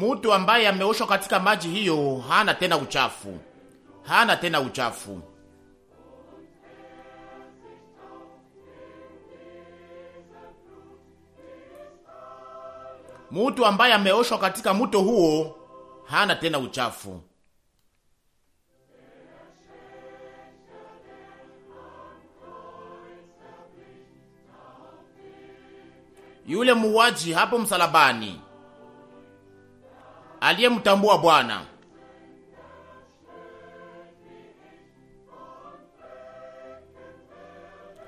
Mtu ambaye ameoshwa katika maji hiyo hana tena uchafu, hana tena uchafu. Mtu ambaye ameoshwa katika mto huo hana tena uchafu. Yule muwaji hapo msalabani aliyemtambua Bwana.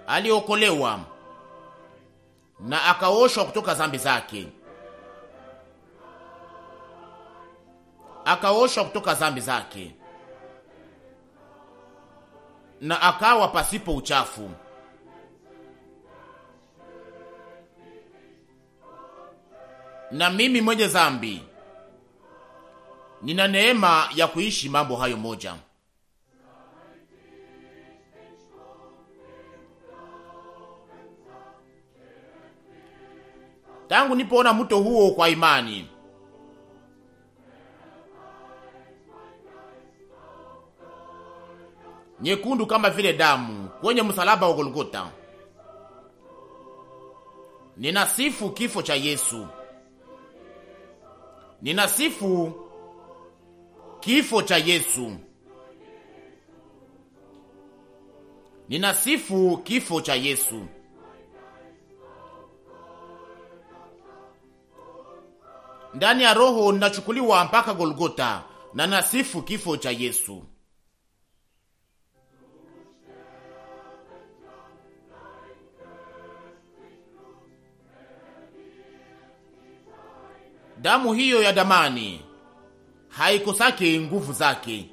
Aliokolewa na akaoshwa kutoka zambi zake, akaoshwa kutoka zambi zake na akawa pasipo uchafu. Na mimi mwenye zambi nina neema ya kuishi mambo hayo moja. Tangu nipoona mto huo kwa imani, nyekundu kama vile damu kwenye msalaba wa Golgota, ninasifu kifo cha Yesu, ninasifu kifo cha Yesu. Ninasifu kifo cha Yesu. Ndani ya roho ninachukuliwa mpaka Golgota na nasifu kifo cha Yesu. Damu hiyo ya damani haikosake nguvu zake.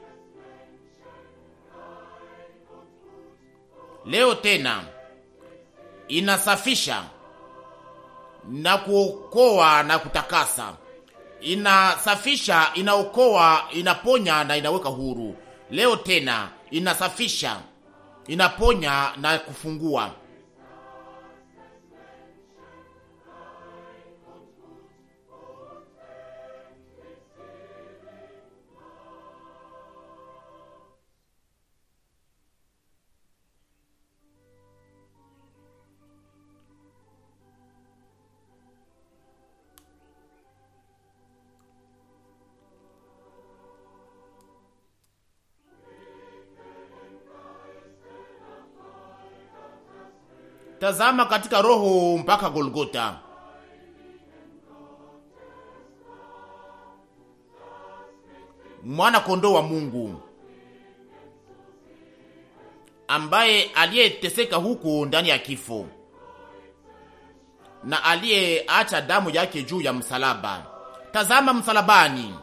Leo tena inasafisha na kuokoa na kutakasa, inasafisha, inaokoa, inaponya na inaweka huru. Leo tena inasafisha, inaponya na kufungua. akatazama katika roho mpaka Golgota. Mwana kondoo wa Mungu ambaye aliyeteseka huko ndani ya kifo na aliyeacha damu yake juu ya msalaba. Tazama msalabani,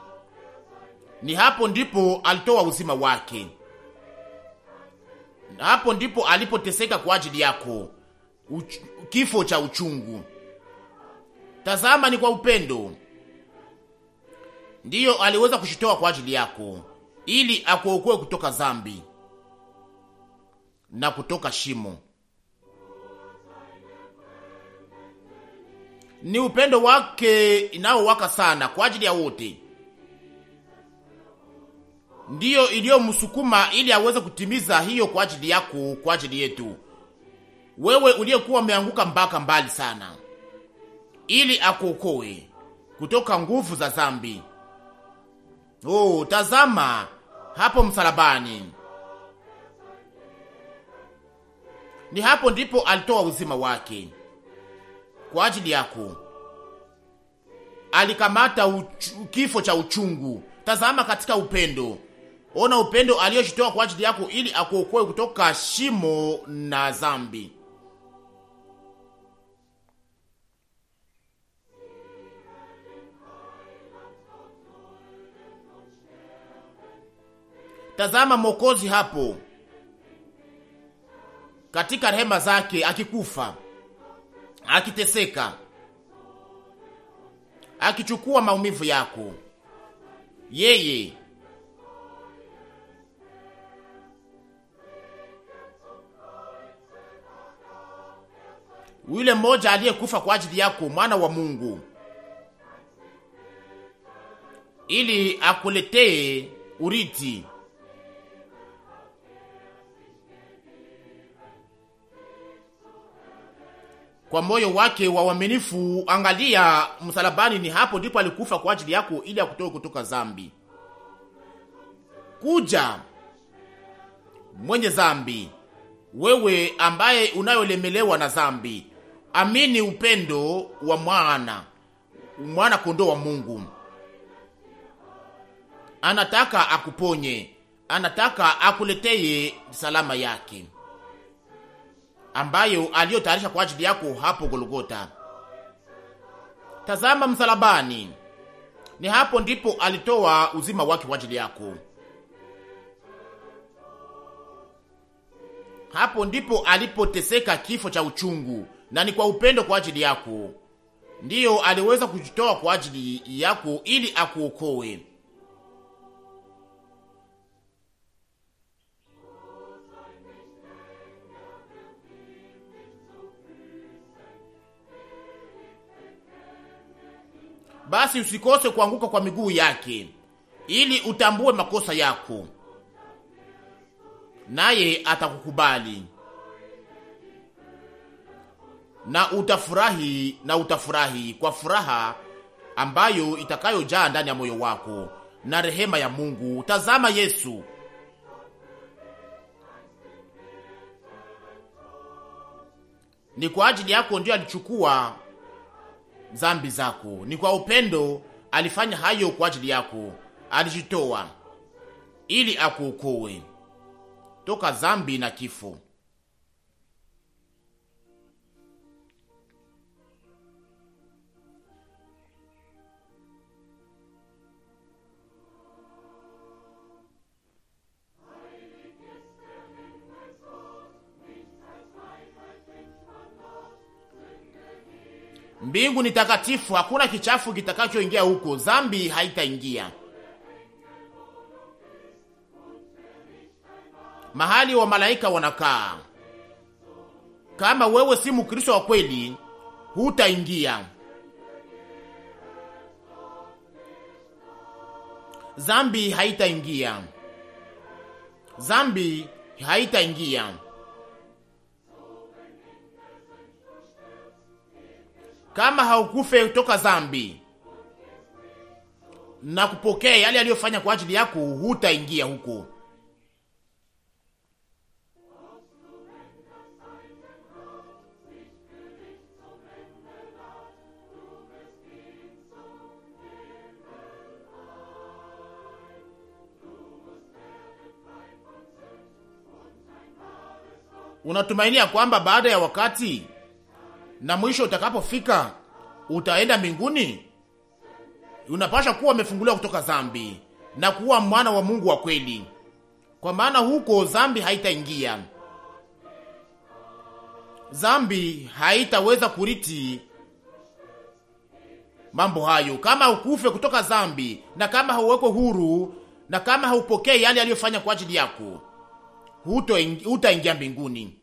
ni hapo ndipo alitoa uzima wake, na hapo ndipo alipoteseka kwa ajili yako, uch, kifo cha uchungu. Tazama, ni kwa upendo ndiyo aliweza kushitoa kwa ajili yako, ili akuokoe kutoka zambi na kutoka shimo. Ni upendo wake inaowaka sana kwa ajili ya wote, ndiyo iliyomsukuma ili aweze kutimiza hiyo kwa ajili yako, kwa ajili yetu wewe uliyekuwa umeanguka mpaka mbali sana, ili akuokoe kutoka nguvu za zambi. Oh, tazama hapo msalabani, ni hapo ndipo alitoa uzima wake kwa ajili yako, alikamata uchu, kifo cha uchungu. Tazama katika upendo, ona upendo aliyoshitoa kwa ajili yako ili akuokoe kutoka shimo na zambi. Tazama Mwokozi hapo katika rehema zake, akikufa, akiteseka, akichukua maumivu yako, yeye yule mmoja aliyekufa kwa ajili yako, mwana wa Mungu, ili akuletee uriti kwa moyo wake wa uaminifu. Angalia msalabani, ni hapo ndipo alikufa kwa ajili yako ili akutoe kutoka zambi. Kuja mwenye zambi, wewe ambaye unayolemelewa na zambi, amini upendo wa mwana mwana kondoo wa Mungu. Anataka akuponye, anataka akuleteye salama yake ambayo aliyotayarisha kwa ajili yako hapo Golgota. Tazama msalabani, ni hapo ndipo alitoa uzima wake kwa ajili yako. Hapo ndipo alipoteseka kifo cha uchungu, na ni kwa upendo kwa ajili yako ndiyo aliweza kujitoa kwa ajili yako ili akuokoe. basi usikose kuanguka kwa miguu yake, ili utambue makosa yako, naye atakukubali na utafurahi, na utafurahi kwa furaha ambayo itakayojaa ndani ya moyo wako na rehema ya Mungu. Tazama Yesu ni kwa ajili yako ndio alichukua dhambi zako. Ni kwa upendo alifanya hayo kwa ajili yako, alijitoa ili akuokoe toka dhambi na kifo. Mbingu ni takatifu, hakuna kichafu kitakachoingia huko, zambi haitaingia. Mahali wa malaika wanakaa. Kama wewe si Mkristo wa kweli, hutaingia. zambi haitaingia, zambi haitaingia. kama haukufe toka zambi na kupokea yale aliyofanya kwa ajili yako, hutaingia huko. Unatumainia kwamba baada ya wakati na mwisho utakapofika utaenda mbinguni, unapasha kuwa umefunguliwa kutoka zambi na kuwa mwana wa Mungu wa kweli, kwa maana huko zambi haitaingia, zambi haitaweza kuriti mambo hayo. Kama ukufe kutoka zambi na kama hauwekwe huru na kama haupokee yale aliyofanya kwa ajili yako, hutaingia mbinguni.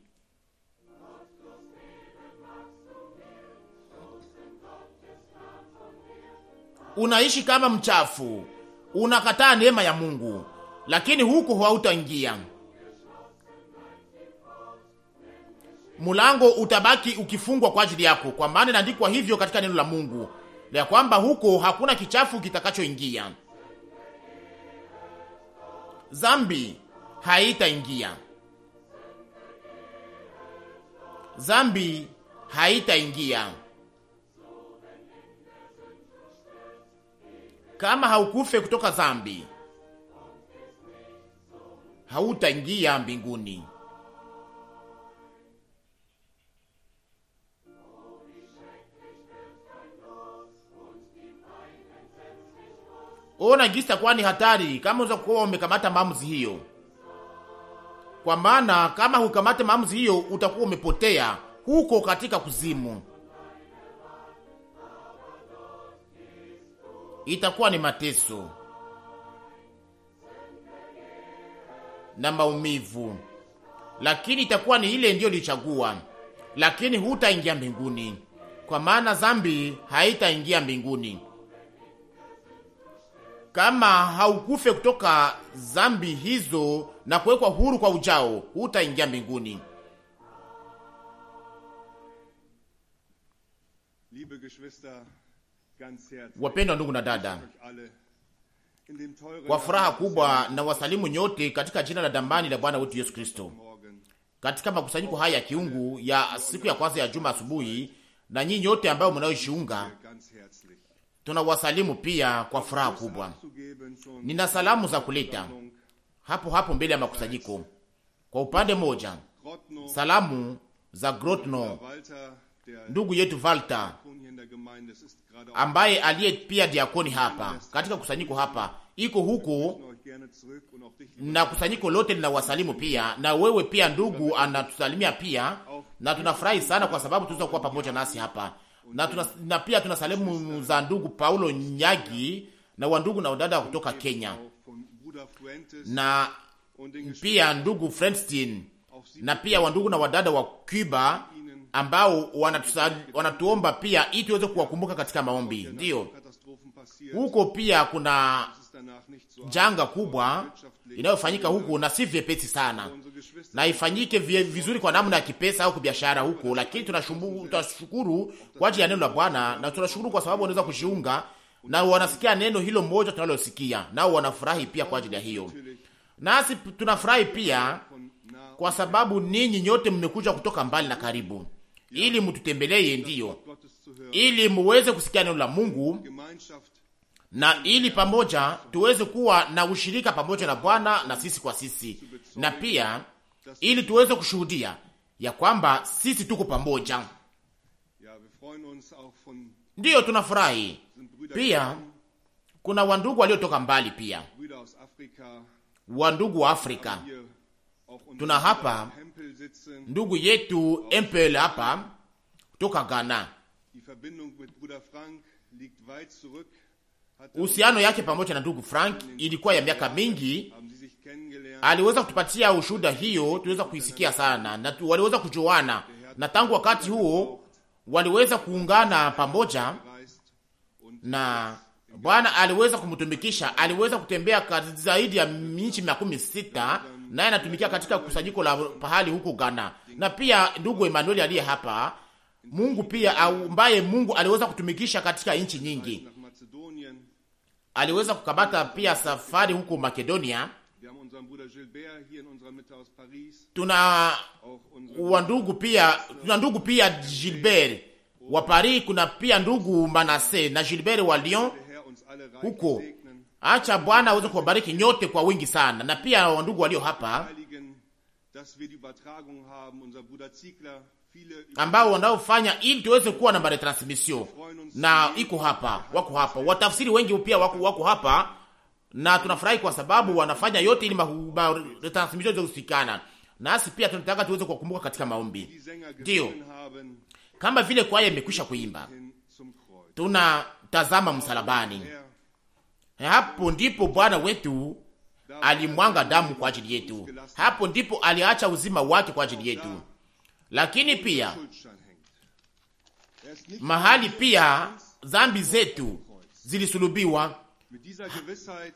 unaishi kama mchafu, unakataa neema ya Mungu, lakini huko hautaingia. Mulango utabaki ukifungwa kwa ajili yako, kwa maana inaandikwa hivyo katika neno la Mungu ya kwamba huko hakuna kichafu kitakachoingia, zambi haitaingia, zambi haitaingia. kama haukufe kutoka dhambi, hautaingia mbinguni. Ona gisa kwani hatari kama unaweza kuwa umekamata maamuzi hiyo, kwa maana kama hukamate maamuzi hiyo utakuwa umepotea huko katika kuzimu. itakuwa ni mateso na maumivu, lakini itakuwa ni ile ndiyo lichagua, lakini hutaingia mbinguni, kwa maana zambi haitaingia mbinguni kama haukufe kutoka zambi hizo na kuwekwa huru kwa ujao, hutaingia mbinguni. Liebe Geschwister Wapendwa ndugu na dada, kwa furaha kubwa na wasalimu nyote katika jina la dambani la Bwana wetu Yesu Kristo, katika makusanyiko haya ya kiungu ya siku ya kwanza ya juma asubuhi, na nyinyi nyote ambayo mnaojiunga, tunawasalimu pia kwa furaha kubwa. Nina salamu za kuleta hapo hapo mbele ya makusanyiko. Kwa upande moja, salamu za Grotno, ndugu yetu Walter ambaye aliye pia diakoni hapa katika kusanyiko hapa, iko huko na kusanyiko lote linawasalimu pia, na wewe pia ndugu anatusalimia pia, na tunafurahi sana kwa sababu tunaweza kuwa pamoja nasi hapa na, tuna, na pia tuna salimu za ndugu Paulo Nyagi na wandugu na wadada kutoka Kenya na pia ndugu Frenstein na pia wandugu na wadada wa Cuba ambao wanatusa, wanatuomba pia ili tuweze kuwakumbuka katika maombi. Ndiyo, huko pia kuna janga kubwa inayofanyika huku na si vyepesi sana, na ifanyike vizuri kwa namna ya kipesa au kibiashara huku, lakini tunashukuru kwa ajili ya neno la Bwana na tunashukuru kwa sababu wanaweza kujiunga na wanasikia neno hilo moja tunalosikia, nao wanafurahi pia kwa ajili ya hiyo, nasi tunafurahi pia kwa sababu ninyi nyote mmekuja kutoka mbali na karibu ili mututembeleye ndiyo, ili muweze kusikia neno la Mungu na ili pamoja tuweze kuwa na ushirika pamoja na Bwana na sisi kwa sisi, na pia ili tuweze kushuhudia ya kwamba sisi tuko pamoja. Ndiyo, tunafurahi pia. Kuna wandugu waliotoka mbali pia, wandugu wa Afrika tuna hapa ndugu yetu Empel hapa kutoka Ghana. Er Uhusiano yake pamoja na ndugu Frank ilikuwa ya miaka mingi. Aliweza kutupatia ushuhuda hiyo, tuliweza kuisikia er sana na waliweza kujuana, er na tangu wakati huo waliweza kuungana pamoja, na Bwana aliweza kumtumikisha. Aliweza kutembea zaidi ya nchi mia kumi sita naye anatumikia katika kusanyiko la pahali huko Ghana, na pia ndugu Emmanuel aliye hapa, Mungu pia ambaye Mungu aliweza kutumikisha katika nchi nyingi, aliweza kukamata pia safari huko Makedonia. Tuna wa ndugu pia, tuna ndugu pia Gilbert wa Paris, kuna pia ndugu Manase na Gilbert wa Lyon huko Acha Bwana aweze kuwabariki nyote kwa wingi sana, na pia wandugu walio hapa ambao wanaofanya ili tuweze kuwa na transmission na iko hapa, wako hapa, watafsiri wengi pia wako, wako hapa, na tunafurahi kwa sababu wanafanya yote ili maretransmission iweze kusikana nasi. Pia tunataka tuweze kuwakumbuka katika maombi, ndio kama vile kwaya imekwisha kuimba, tunatazama msalabani hapo ndipo Bwana wetu alimwanga damu kwa ajili yetu, hapo ndipo aliacha uzima wake kwa ajili yetu. Lakini pia mahali pia zambi zetu zilisulubiwa.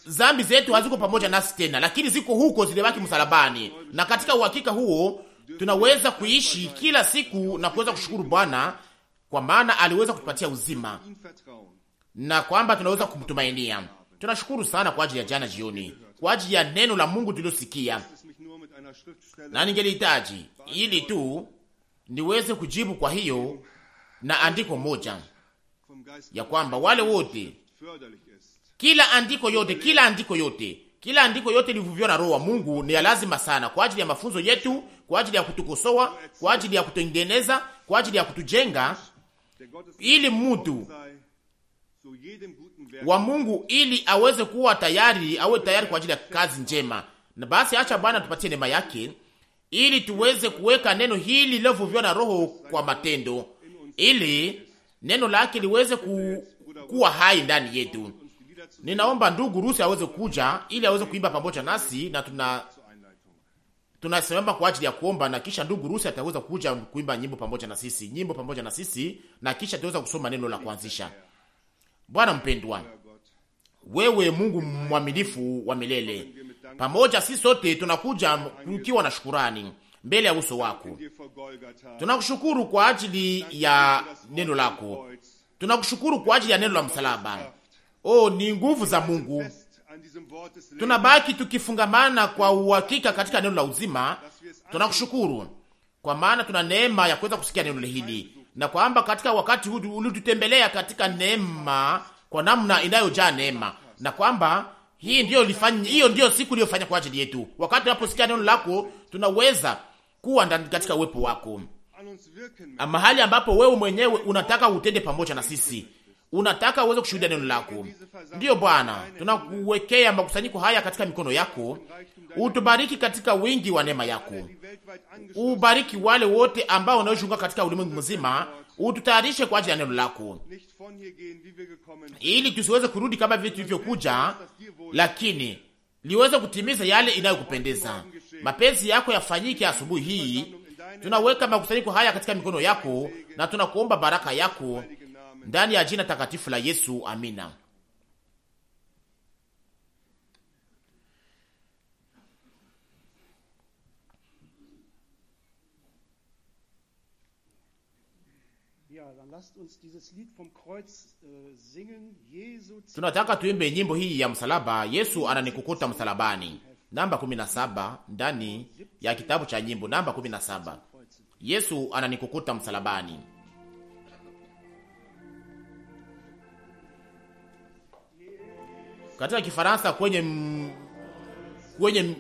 Zambi zetu haziko pamoja nasi tena, lakini ziko huko, zilibaki msalabani, na katika uhakika huo tunaweza kuishi kila siku na kuweza kushukuru Bwana kwa maana aliweza kutupatia uzima na kwamba tunaweza kumtumainia. Tunashukuru sana kwa ajili ya jana jioni, kwa ajili ya neno la Mungu tulilosikia, na ningelihitaji ili tu niweze kujibu kwa hiyo na andiko moja ya kwamba wale wote, kila andiko yote, kila andiko yote, kila andiko yote livuvyo na Roho wa Mungu ni ya lazima sana kwa ajili ya mafunzo yetu, kwa ajili ya kutukosoa, kwa ajili ya kutengeneza, kwa ajili ya kutujenga, ili mtu wa Mungu ili aweze kuwa tayari, awe tayari kwa ajili ya kazi njema. Na basi acha Bwana tupatie neema yake ili tuweze kuweka neno hili lililovuviwa na Roho kwa matendo, ili neno lake liweze ku, kuwa hai ndani yetu. Ninaomba ndugu Rusi aweze kuja ili aweze kuimba pamoja nasi na tuna tunasimama kwa ajili ya kuomba, na kisha ndugu Rusi ataweza kuja kuimba nyimbo pamoja na sisi, nyimbo pamoja na sisi, na kisha tutaweza kusoma neno la kuanzisha. Bwana mpendwa, wewe Mungu mwaminifu wa milele, pamoja si sote tunakuja kukiwa na shukurani mbele ya uso wako. Tunakushukuru kwa ajili ya neno lako, tunakushukuru kwa ajili ya neno la msalaba. Oh, ni nguvu za Mungu. Tunabaki tukifungamana kwa uhakika katika neno la uzima. Tunakushukuru kwa maana tuna neema ya kuweza kusikia neno hili na kwamba katika wakati huu ulitutembelea katika neema kwa namna inayojaa neema, na kwamba hii ndio ilifanya, hiyo ndiyo siku iliyofanya kwa ajili yetu. Wakati tunaposikia neno lako, tunaweza kuwa ndani katika uwepo wako, mahali ambapo wewe mwenyewe unataka utende pamoja na sisi unataka uweze kushuhudia neno lako. Ndiyo Bwana, tunakuwekea makusanyiko haya katika mikono yako, utubariki katika wingi wa neema yako, ubariki wale wote ambao wanaoshunga katika ulimwengu mzima, ututayarishe kwa ajili ya neno lako, ili tusiweze kurudi kama vile tulivyokuja, lakini liweze kutimiza yale inayokupendeza. Mapenzi yako yafanyike asubuhi hii. Tunaweka makusanyiko haya katika mikono yako na tunakuomba baraka yako ndani ya jina takatifu la Yesu, amina. Äh, Tunataka tuimbe nyimbo hii ya msalaba, Yesu ananikukuta msalabani, namba 17 ndani ya kitabu cha nyimbo namba 17, Yesu ananikukuta msalabani. katika Kifaransa kwenye m... kwenye m...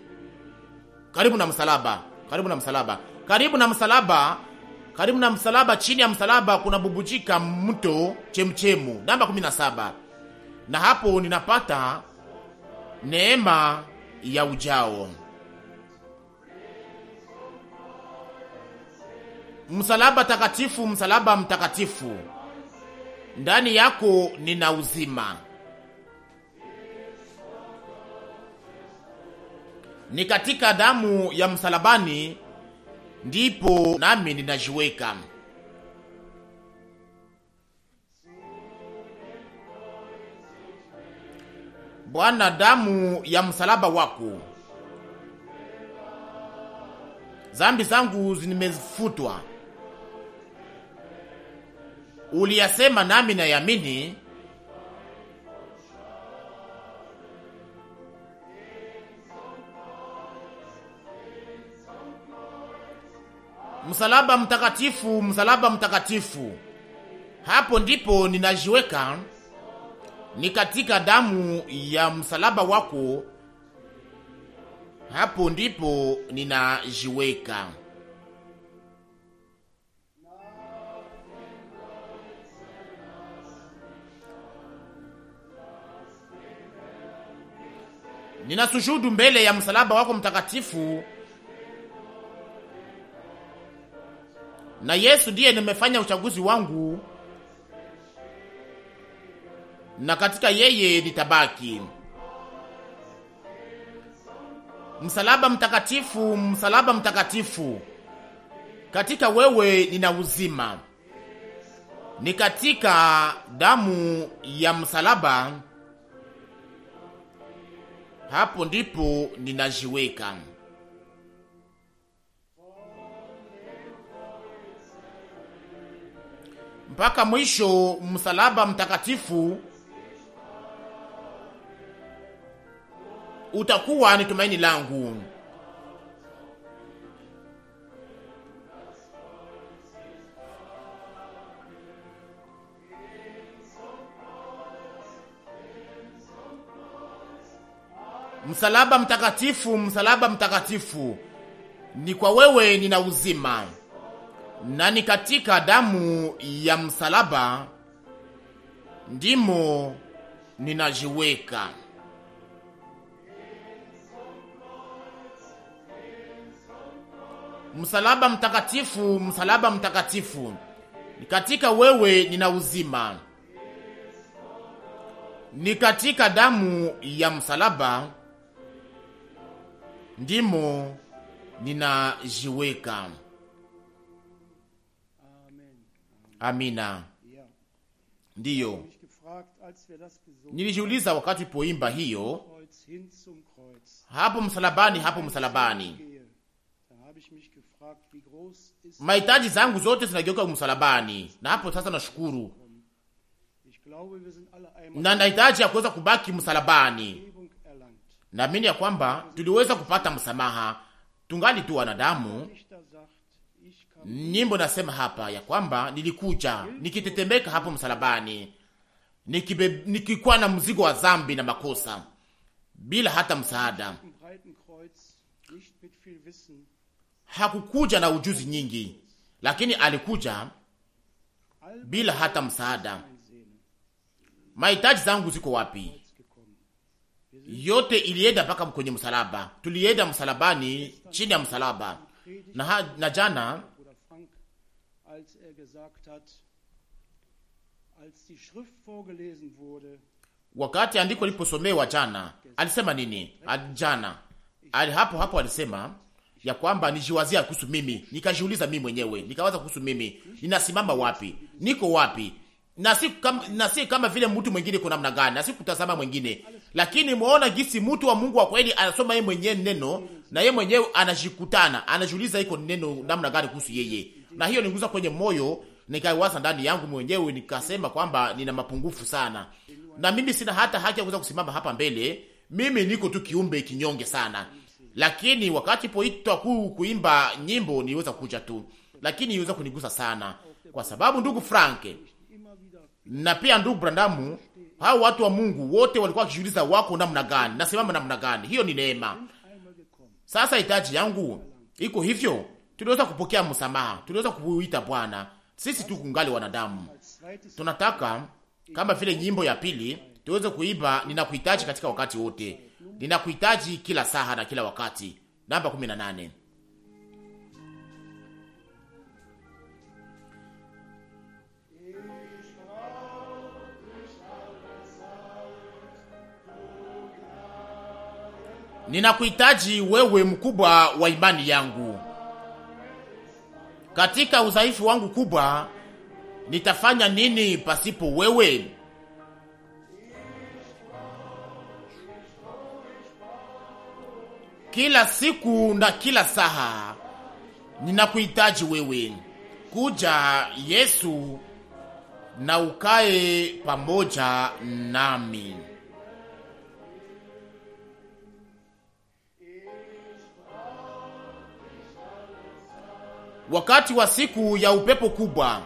karibu na msalaba, karibu na msalaba, karibu na msalaba, karibu na msalaba, chini ya msalaba kuna bubujika mto chemchemu, namba 17. Na hapo ninapata neema ya ujao. Msalaba takatifu, msalaba mtakatifu, ndani yako nina uzima. Ni katika damu ya msalabani ndipo nami ninajiweka. Bwana, damu ya msalaba wako, zambi zangu zimefutwa. Uliyasema nami nayamini msalaba mtakatifu, msalaba mtakatifu. Hapo ndipo ninajiweka, ni katika damu ya msalaba wako, hapo ndipo ninajiweka. Ninasujudu mbele ya msalaba wako mtakatifu na Yesu ndiye nimefanya uchaguzi wangu, na katika yeye nitabaki. Msalaba mtakatifu, msalaba mtakatifu, katika wewe nina uzima. Ni katika damu ya msalaba, hapo ndipo ninajiweka. mpaka mwisho. Msalaba mtakatifu utakuwa ni tumaini langu. Msalaba mtakatifu, msalaba mtakatifu, ni kwa wewe nina uzima na ni katika damu ya msalaba ndimo ninajiweka. Msalaba mtakatifu, msalaba mtakatifu, ni katika wewe nina uzima. Ni katika damu ya msalaba ndimo ninajiweka. Amina. Ndiyo, nilijiuliza wakati poimba hiyo hapo msalabani, hapo msalabani, mahitaji zangu zote zinageuka msalabani, na hapo sasa nashukuru na nahitaji ya kuweza kubaki msalabani. Naamini ya kwamba tuliweza kupata msamaha, tungali tu wanadamu nyimbo nasema hapa ya kwamba nilikuja nikitetemeka hapo msalabani, nikikuwa na mzigo wa dhambi na makosa bila hata msaada. Hakukuja na ujuzi nyingi, lakini alikuja bila hata msaada. Mahitaji zangu ziko wapi? Yote ilienda mpaka kwenye msalaba, tulienda msalabani, chini ya msalaba na, na jana gesagt hat, als die Schrift vorgelesen wurde, wakati andiko liposomewa jana, alisema nini? Jana ali hapo hapo alisema ya kwamba nijiwazia kuhusu mimi, nikajiuliza mimi mwenyewe, nikawaza kuhusu mimi, ninasimama wapi, niko wapi, na si kama, na si kama vile mtu mwingine kuna namna gani, na si kutazama mwingine, lakini muona gisi mtu wa Mungu wa kweli anasoma yeye mwenyewe neno na yeye mwenyewe anajikutana, anajiuliza iko neno namna gani kuhusu yeye na hiyo niguza kwenye moyo, nikaiwaza ndani yangu mwenyewe, nikasema kwamba nina mapungufu sana, na mimi sina hata haki ya kuweza kusimama hapa mbele. Mimi niko tu kiumbe kinyonge sana, lakini wakati poitwa kuu kuimba nyimbo niweza kuja tu, lakini iweza kunigusa sana, kwa sababu ndugu Frank na pia ndugu Brandamu, hao watu wa Mungu wote walikuwa wakijiuliza wako namna gani, nasimama namna gani. Hiyo ni neema. Sasa hitaji yangu iko hivyo tuliweza kupokea msamaha, tuliweza kuita Bwana. Sisi tu kungali wanadamu, tunataka kama vile nyimbo ya pili tuweze kuimba, ninakuhitaji katika wakati wote, ninakuhitaji kila saha na kila wakati, namba 18. Ninakuhitaji wewe mkubwa wa imani yangu katika udhaifu wangu kubwa nitafanya nini pasipo wewe? Kila siku na kila saha ninakuhitaji wewe. Kuja Yesu na ukae pamoja nami. wakati wa siku ya upepo kubwa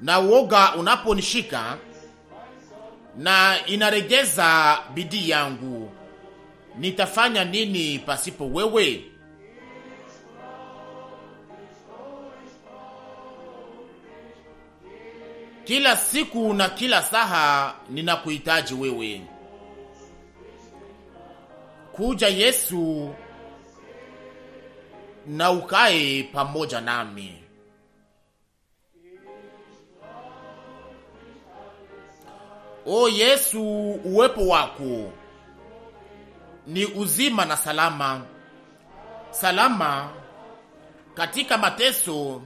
na uoga unaponishika na inaregeza bidii yangu, nitafanya nini pasipo wewe? Kila siku na kila saha ninakuhitaji wewe. Kuja Yesu na ukae pamoja nami. O Yesu, uwepo wako ni uzima na salama, salama katika mateso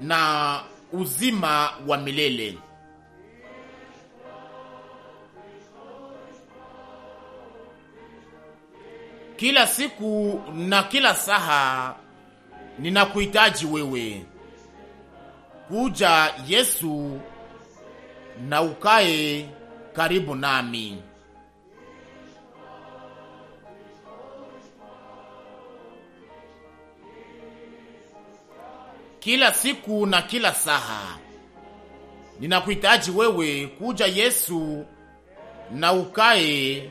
na uzima wa milele. Kila siku na kila saha ninakuhitaji wewe. Kuja Yesu na ukae karibu nami. Kila siku na kila saha ninakuhitaji wewe. Kuja Yesu na ukae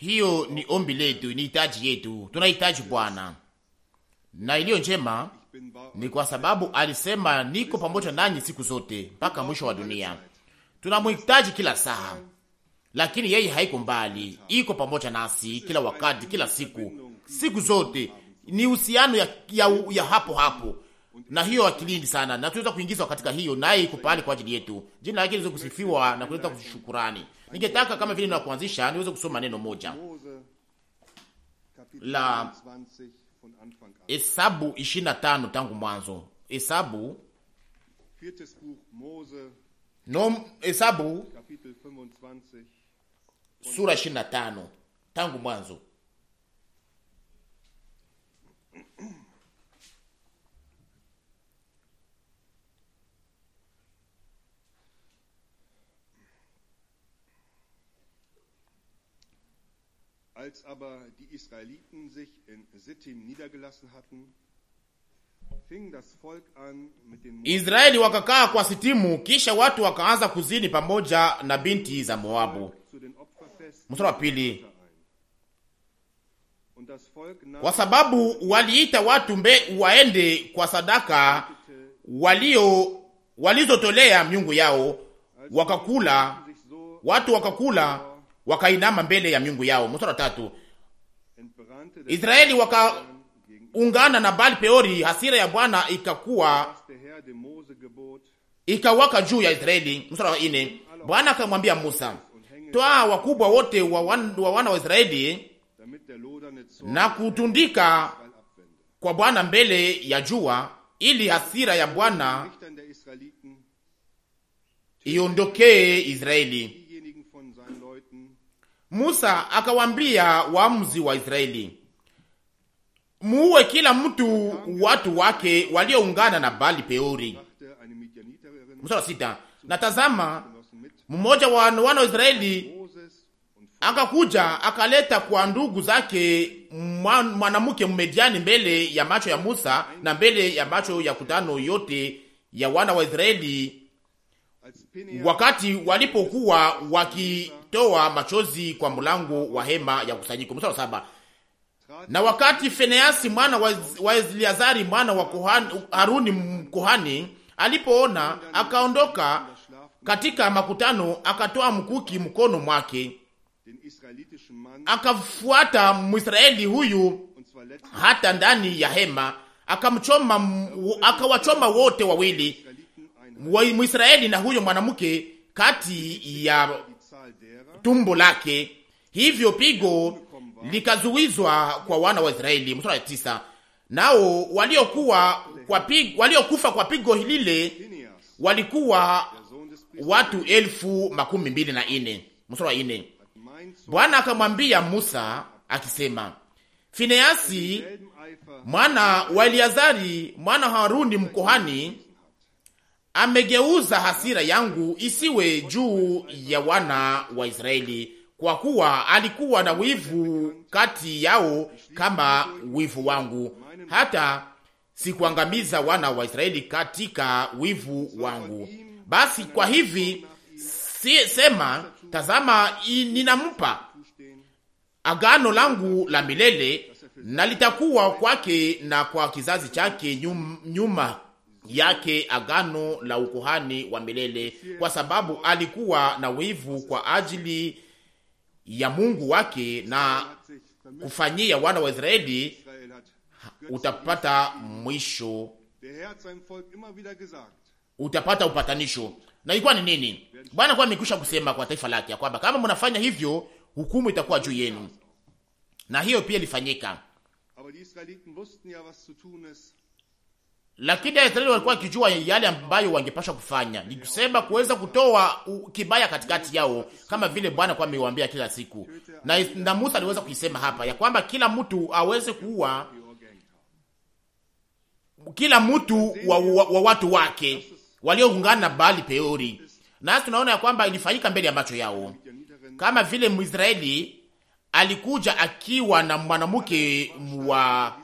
Hiyo ni ombi letu, ni hitaji yetu, tunahitaji Bwana. Na iliyo njema ni kwa sababu alisema, niko pamoja nanyi siku zote mpaka mwisho wa dunia. Tunamhitaji kila saa, lakini yeye haiko mbali, iko pamoja nasi kila wakati, kila siku, siku zote. Ni uhusiano ya, ya, ya hapo hapo na hiyo akilindi sana, na tuweza kuingizwa katika hiyo, naye iko pale kwa ajili yetu. Jina lake liweze kusifiwa na kuleta kushukurani. Ningetaka kama vile na kuanzisha, niweze kusoma neno moja la Hesabu 25 tangu mwanzo. Hesabu no, Hesabu sura 25 tangu mwanzo Als aber die Israeliten sich in Sittim niedergelassen hatten, fing das Volk an mit den Israeli wakakaa kwa Sitimu, kisha watu wakaanza kuzini pamoja na binti za Moabu. Mstari wa pili. Kwa sababu waliita watu mbe waende kwa sadaka walio walizotolea miungu yao, wakakula watu wakakula wakainama mbele ya miungu yao. Mstari wa tatu, Israeli wakaungana na Baal Peori, hasira ya Bwana ikakuwa ikawaka juu ya Israeli. Mstari wa ine, Bwana akamwambia Musa, toa wakubwa wote wa wana wa Israeli na kutundika kwa Bwana mbele ya jua, ili hasira ya Bwana iondokee Israeli. Musa akawambia waamuzi wa Israeli, muue kila mtu watu wake walioungana na Bali Peori. Musa wa sita. Na tazama, mmoja wa wana wa Israeli akakuja akaleta kwa ndugu zake mwanamke Mmediani mbele ya macho ya Musa na mbele ya macho ya kutano yote ya wana wa Israeli wakati walipokuwa waki kutoa machozi kwa mlango wa hema ya kusanyiko. Mstari wa saba. Na wakati Feneasi mwana wa Eleazari mwana wa kuhani, Haruni mkuhani alipoona, akaondoka katika makutano, akatoa mkuki mkono mwake, akafuata Mwisraeli huyu hata ndani ya hema, akamchoma, akawachoma wote wawili, Mwisraeli na huyo mwanamke kati ya tumbo lake, hivyo pigo likazuizwa kwa wana wa Israeli. Mstari wa tisa, nao waliokuwa kwa pigo, waliokufa kwa pigo lile walikuwa watu elfu makumi mbili na ine. Mstari wa ine, Bwana akamwambia Musa akisema, Fineasi mwana wa Eliazari mwana Haruni mkohani amegeuza hasira yangu isiwe juu ya wana wa Israeli, kwa kuwa alikuwa na wivu kati yao kama wivu wangu, hata sikuangamiza wana wa Israeli katika wivu wangu. Basi kwa hivi si sema, tazama, ninampa agano langu la milele, na litakuwa kwake na kwa kizazi chake nyuma yake agano la ukuhani wa milele, kwa sababu alikuwa na wivu kwa ajili ya Mungu wake na kufanyia wana wa Israeli utapata mwisho, utapata upatanisho. Na ilikuwa ni nini? Bwana kuwa amekwisha kusema kwa taifa lake ya kwamba kama mnafanya hivyo, hukumu itakuwa juu yenu, na hiyo pia ilifanyika lakini Waisraeli walikuwa wakijua yale ambayo wangepashwa kufanya, ni kusema kuweza kutoa kibaya katikati yao, kama vile Bwana kwa amewaambia kila siku, na, na Musa aliweza kuisema hapa ya kwamba kila mtu aweze kuua kila mtu wa, wa, wa watu wake walioungana Baali Peori, nasi tunaona ya kwamba ilifanyika mbele ya macho yao, kama vile Mwisraeli alikuja akiwa na mwanamke wa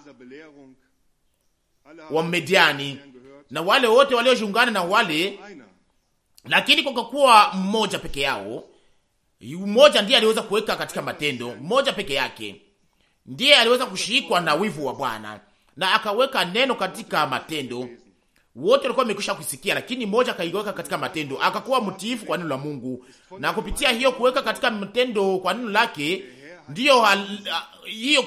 wa Mediani na wale wote waliojiungana na wale, lakini kwa kuwa mmoja peke yao, mmoja ndiye aliweza kuweka katika matendo, mmoja peke yake ndiye aliweza kushikwa na wivu wa Bwana na akaweka neno katika matendo. Wote walikuwa wamekwisha kusikia, lakini mmoja akaiweka katika matendo, akakuwa mtiifu kwa neno la Mungu, na kupitia hiyo kuweka katika matendo kwa neno lake, ndiyo hiyo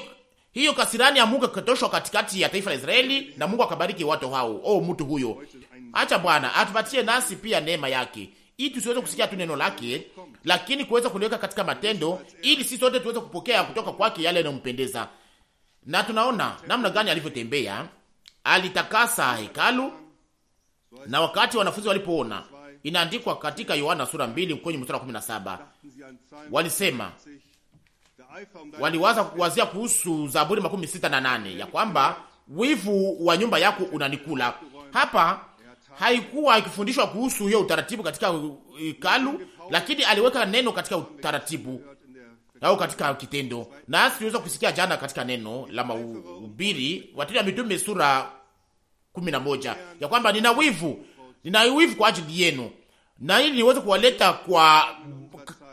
hiyo kasirani ya Mungu ikatoshwa katikati ya taifa la Israeli na Mungu akabariki watu hao. Oh, mtu huyo. Acha Bwana atupatie nasi pia neema yake ili tusiweze kusikia tu neno lake, lakini kuweza kuliweka katika matendo, ili sisi sote tuweze kupokea kutoka kwake yale yanayompendeza. Na tunaona namna gani alivyotembea, alitakasa hekalu. Na wakati wanafunzi walipoona, inaandikwa katika Yohana sura 2 kwenye mstari wa 17, walisema waliwaza kuwazia kuhusu Zaburi makumi sita na nane ya kwamba wivu wa nyumba yako unanikula. Hapa haikuwa ikifundishwa kuhusu hiyo utaratibu katika ikalu, lakini aliweka neno katika utaratibu au katika kitendo, nasi tuliweza kusikia jana katika neno la mahubiri Watendo wa Mitume sura kumi na moja ya kwamba nina wivu, nina wivu kwa ajili yenu, na ili niweze kuwaleta kwa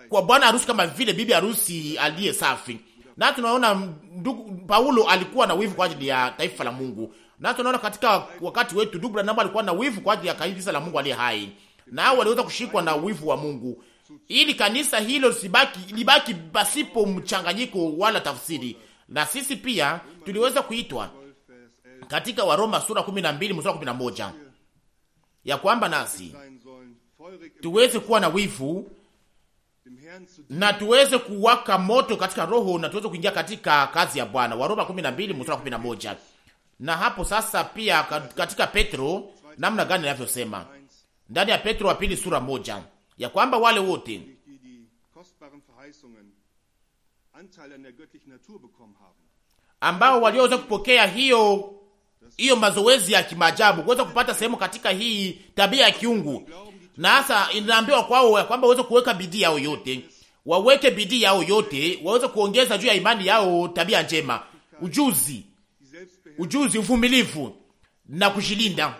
kwa bwana harusi kama vile bibi harusi aliye safi. Na tunaona ndugu Paulo alikuwa na wivu kwa ajili ya taifa la Mungu. Na tunaona katika wakati wetu ndugu Branham alikuwa na wivu kwa ajili ya kanisa la Mungu aliye hai. Na hao waliweza kushikwa na wivu wa Mungu. Ili kanisa hilo sibaki libaki pasipo mchanganyiko wala tafsiri. Na sisi pia tuliweza kuitwa katika Waroma sura 12 mstari 11 ya kwamba nasi tuweze kuwa na wivu na tuweze kuwaka moto katika roho na tuweze kuingia katika kazi ya Bwana. Waroma 12 mstari wa 11. Na hapo sasa pia katika Petro namna gani anavyosema ndani ya Petro wa pili sura moja ya kwamba wale wote ambao walioweza kupokea hiyo hiyo mazoezi ya kimajabu kuweza kupata sehemu katika hii tabia ya kiungu na hasa inaambiwa kwao kwamba waweze kuweka bidii yao yote, waweke bidii yao yote, waweze kuongeza juu ya imani yao tabia njema, ujuzi, ujuzi, uvumilivu na kujilinda,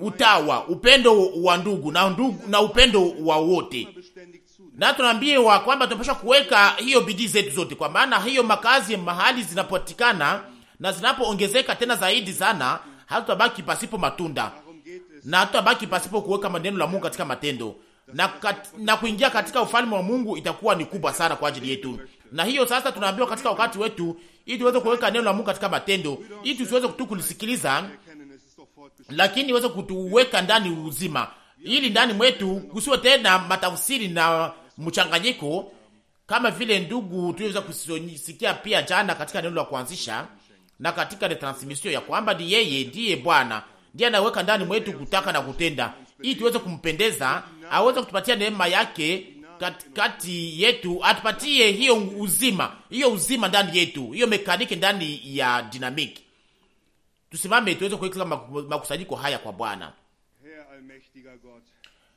utawa, upendo wa ndugu na, ndugu, na upendo wa wote na tunaambiwa kwamba tunapaswa kuweka hiyo bidii zetu zote, kwa maana hiyo makazi mahali zinapatikana na zinapoongezeka tena zaidi sana, hatutabaki pasipo matunda na hatutabaki pasipo kuweka maneno la Mungu katika matendo na, kat, na kuingia katika ufalme wa Mungu itakuwa ni kubwa sana kwa ajili yetu. Na hiyo sasa tunaambiwa katika wakati wetu, ili tuweze kuweka neno la Mungu katika matendo, ili tusiweze tu kulisikiliza, lakini iweze kutuweka ndani uzima, ili ndani mwetu kusiwe tena matafsiri na mchanganyiko, kama vile ndugu tuweza kusikia pia jana katika neno la kuanzisha na katika retransmission ya kwamba ni yeye ndiye Bwana ndiye anaweka ndani mwetu kutaka na kutenda, ili tuweze kumpendeza, aweze kutupatia neema yake katikati yetu, atupatie hiyo uzima, hiyo uzima ndani yetu, hiyo mekaniki ndani ya dinamiki. Tusimame tuweze kuweka makusanyiko haya kwa Bwana.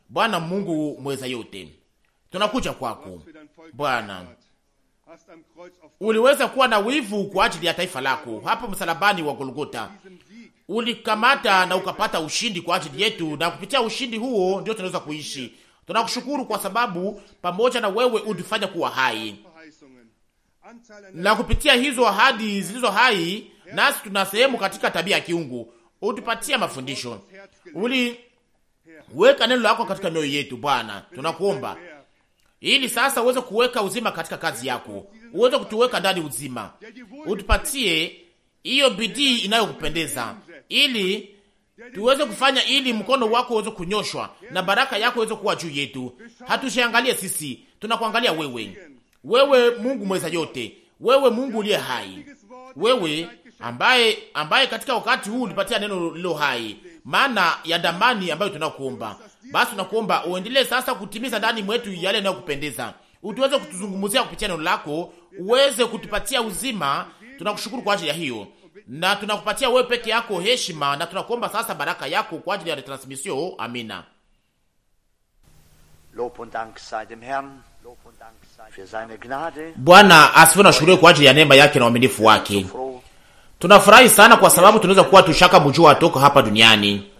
Bwana Mungu mweza yote, tunakuja kwako Bwana. Uliweza kuwa na wivu kwa ajili ya taifa lako hapo msalabani wa Golgota, ulikamata na ukapata ushindi kwa ajili yetu, na kupitia ushindi huo ndio tunaweza kuishi. Tunakushukuru kwa sababu pamoja na wewe utufanya kuwa hai, na kupitia hizo ahadi zilizo hai, nasi tuna sehemu katika tabia ya kiungu. Utupatia mafundisho, uliweka neno lako katika mioyo yetu. Bwana, tunakuomba ili sasa uweze kuweka uzima katika kazi yako, uweze kutuweka ndani uzima, utupatie hiyo bidii inayokupendeza ili tuweze kufanya, ili mkono wako uweze kunyoshwa na baraka yako iweze kuwa juu yetu. Hatushiangalie sisi, tunakuangalia wewe, wewe Mungu mweza yote, wewe Mungu uliye hai, wewe ambaye ambaye katika wakati huu ulipatia neno lilo hai, maana ya damani ambayo tunakuomba. Basi tunakuomba uendelee sasa kutimiza ndani mwetu yale yanayokupendeza, utuweze kutuzungumzia kupitia neno lako, uweze kutupatia uzima Tunakushukuru kwa ajili ya hiyo na tunakupatia wewe peke yako heshima, na tunakuomba sasa baraka yako kwa ajili ya retransmisio. Amina. Bwana asifiwe na shukuriwe kwa ajili ya neema yake na uaminifu wake. Tunafurahi sana kwa sababu tunaweza kuwa tushaka mjua toka hapa duniani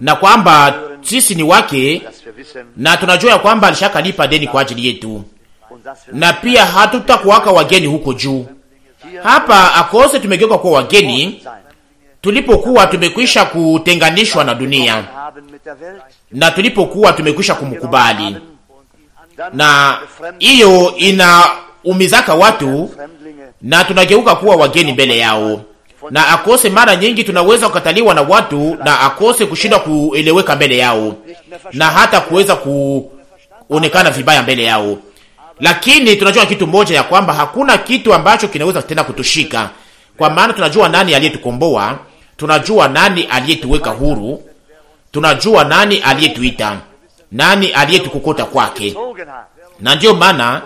na kwamba sisi ni wake, na tunajua ya kwamba alishakalipa deni kwa ajili yetu, na pia hatutakuwaka wageni huko juu hapa akose tumegeuka kuwa wageni tulipokuwa tumekwisha kutenganishwa na dunia na tulipokuwa tumekwisha kumkubali, na hiyo inaumizaka watu na tunageuka kuwa wageni mbele yao, na akose mara nyingi tunaweza kukataliwa na watu, na akose kushindwa kueleweka mbele yao, na hata kuweza kuonekana vibaya mbele yao lakini tunajua kitu moja ya kwamba hakuna kitu ambacho kinaweza tena kutushika, kwa maana tunajua nani aliyetukomboa, tunajua nani aliyetuweka huru, tunajua nani aliyetuita, nani aliyetukukuta kwake, na ndiyo maana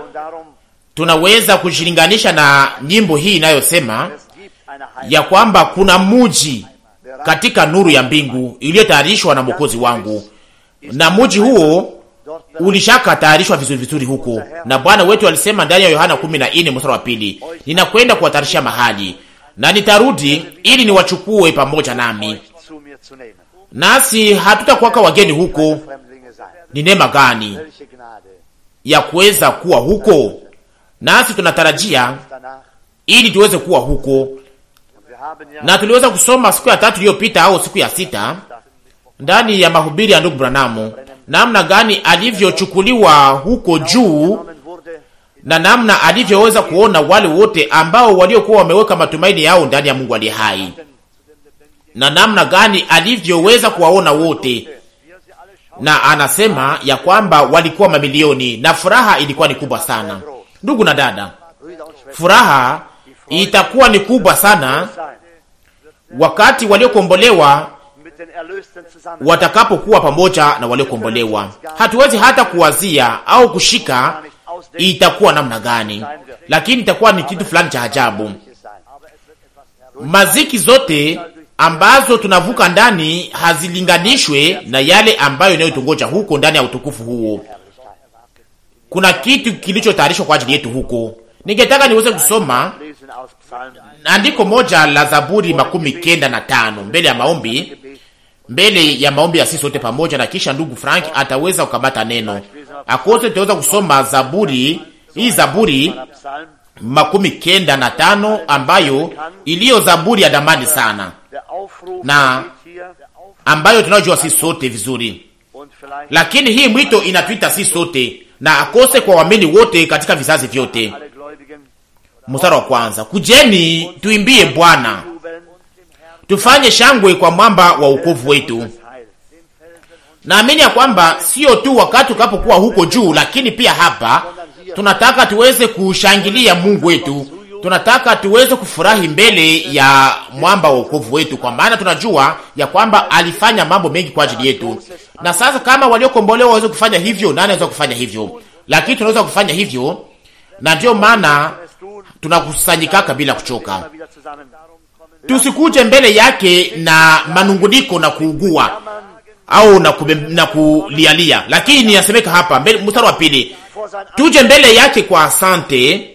tunaweza kujilinganisha na nyimbo hii inayosema ya kwamba kuna muji katika nuru ya mbingu iliyotayarishwa na mwokozi wangu, na muji huo ulishaka tayarishwa vizuri vizuri huko na Bwana wetu alisema ndani ya Yohana 14 mstari wa pili, ninakwenda kuwatarisha mahali na nitarudi ili niwachukue pamoja nami, nasi hatutakuwaka wageni huko. Ni neema gani ya kuweza kuwa huko, nasi tunatarajia ili tuweze kuwa huko. Na tuliweza kusoma siku ya tatu iliyopita au siku ya sita ndani ya mahubiri ya ndugu Branamu namna gani alivyochukuliwa huko juu na namna alivyoweza kuona wale wote ambao waliokuwa wameweka matumaini yao ndani ya Mungu aliye hai, na namna gani alivyoweza kuwaona wote, na anasema ya kwamba walikuwa mamilioni na furaha ilikuwa ni kubwa sana. Ndugu na dada, furaha itakuwa ni kubwa sana wakati waliokombolewa watakapokuwa pamoja na waliokombolewa. Hatuwezi hata kuwazia au kushika itakuwa namna gani, lakini itakuwa ni kitu fulani cha ajabu. Maziki zote ambazo tunavuka ndani hazilinganishwe na yale ambayo inayotongoja huko ndani ya utukufu huo. Kuna kitu kilichotayarishwa kwa ajili yetu huko. Ningetaka niweze kusoma andiko moja la Zaburi makumi kenda na tano mbele ya maombi mbele ya maombi ya sisi wote pamoja, na kisha ndugu Frank ataweza kukamata neno akose. Tutaweza kusoma Zaburi hii, Zaburi makumi kenda na tano ambayo iliyo zaburi ya damani sana na ambayo tunajua sisi sote vizuri, lakini hii mwito inatuita sisi sote na akose kwa waamini wote katika vizazi vyote. Mstari wa kwanza, kujeni tuimbie Bwana tufanye shangwe kwa mwamba wa ukovu wetu. Naamini ya kwamba sio tu wakati ukapokuwa huko juu, lakini pia hapa tunataka tuweze kushangilia Mungu wetu, tunataka tuweze kufurahi mbele ya mwamba wa ukovu wetu, kwa maana tunajua ya kwamba alifanya mambo mengi kwa ajili yetu. Na sasa kama waliokombolewa waweze kufanya hivyo, nani anaweza kufanya hivyo? Lakini tunaweza kufanya hivyo, na ndio maana tunakusanyikaka bila kuchoka tusikuje mbele yake na manunguniko na kuugua au na, kube, na kulialia, lakini inasemeka hapa mbele, mstari wa pili, tuje mbele yake kwa asante.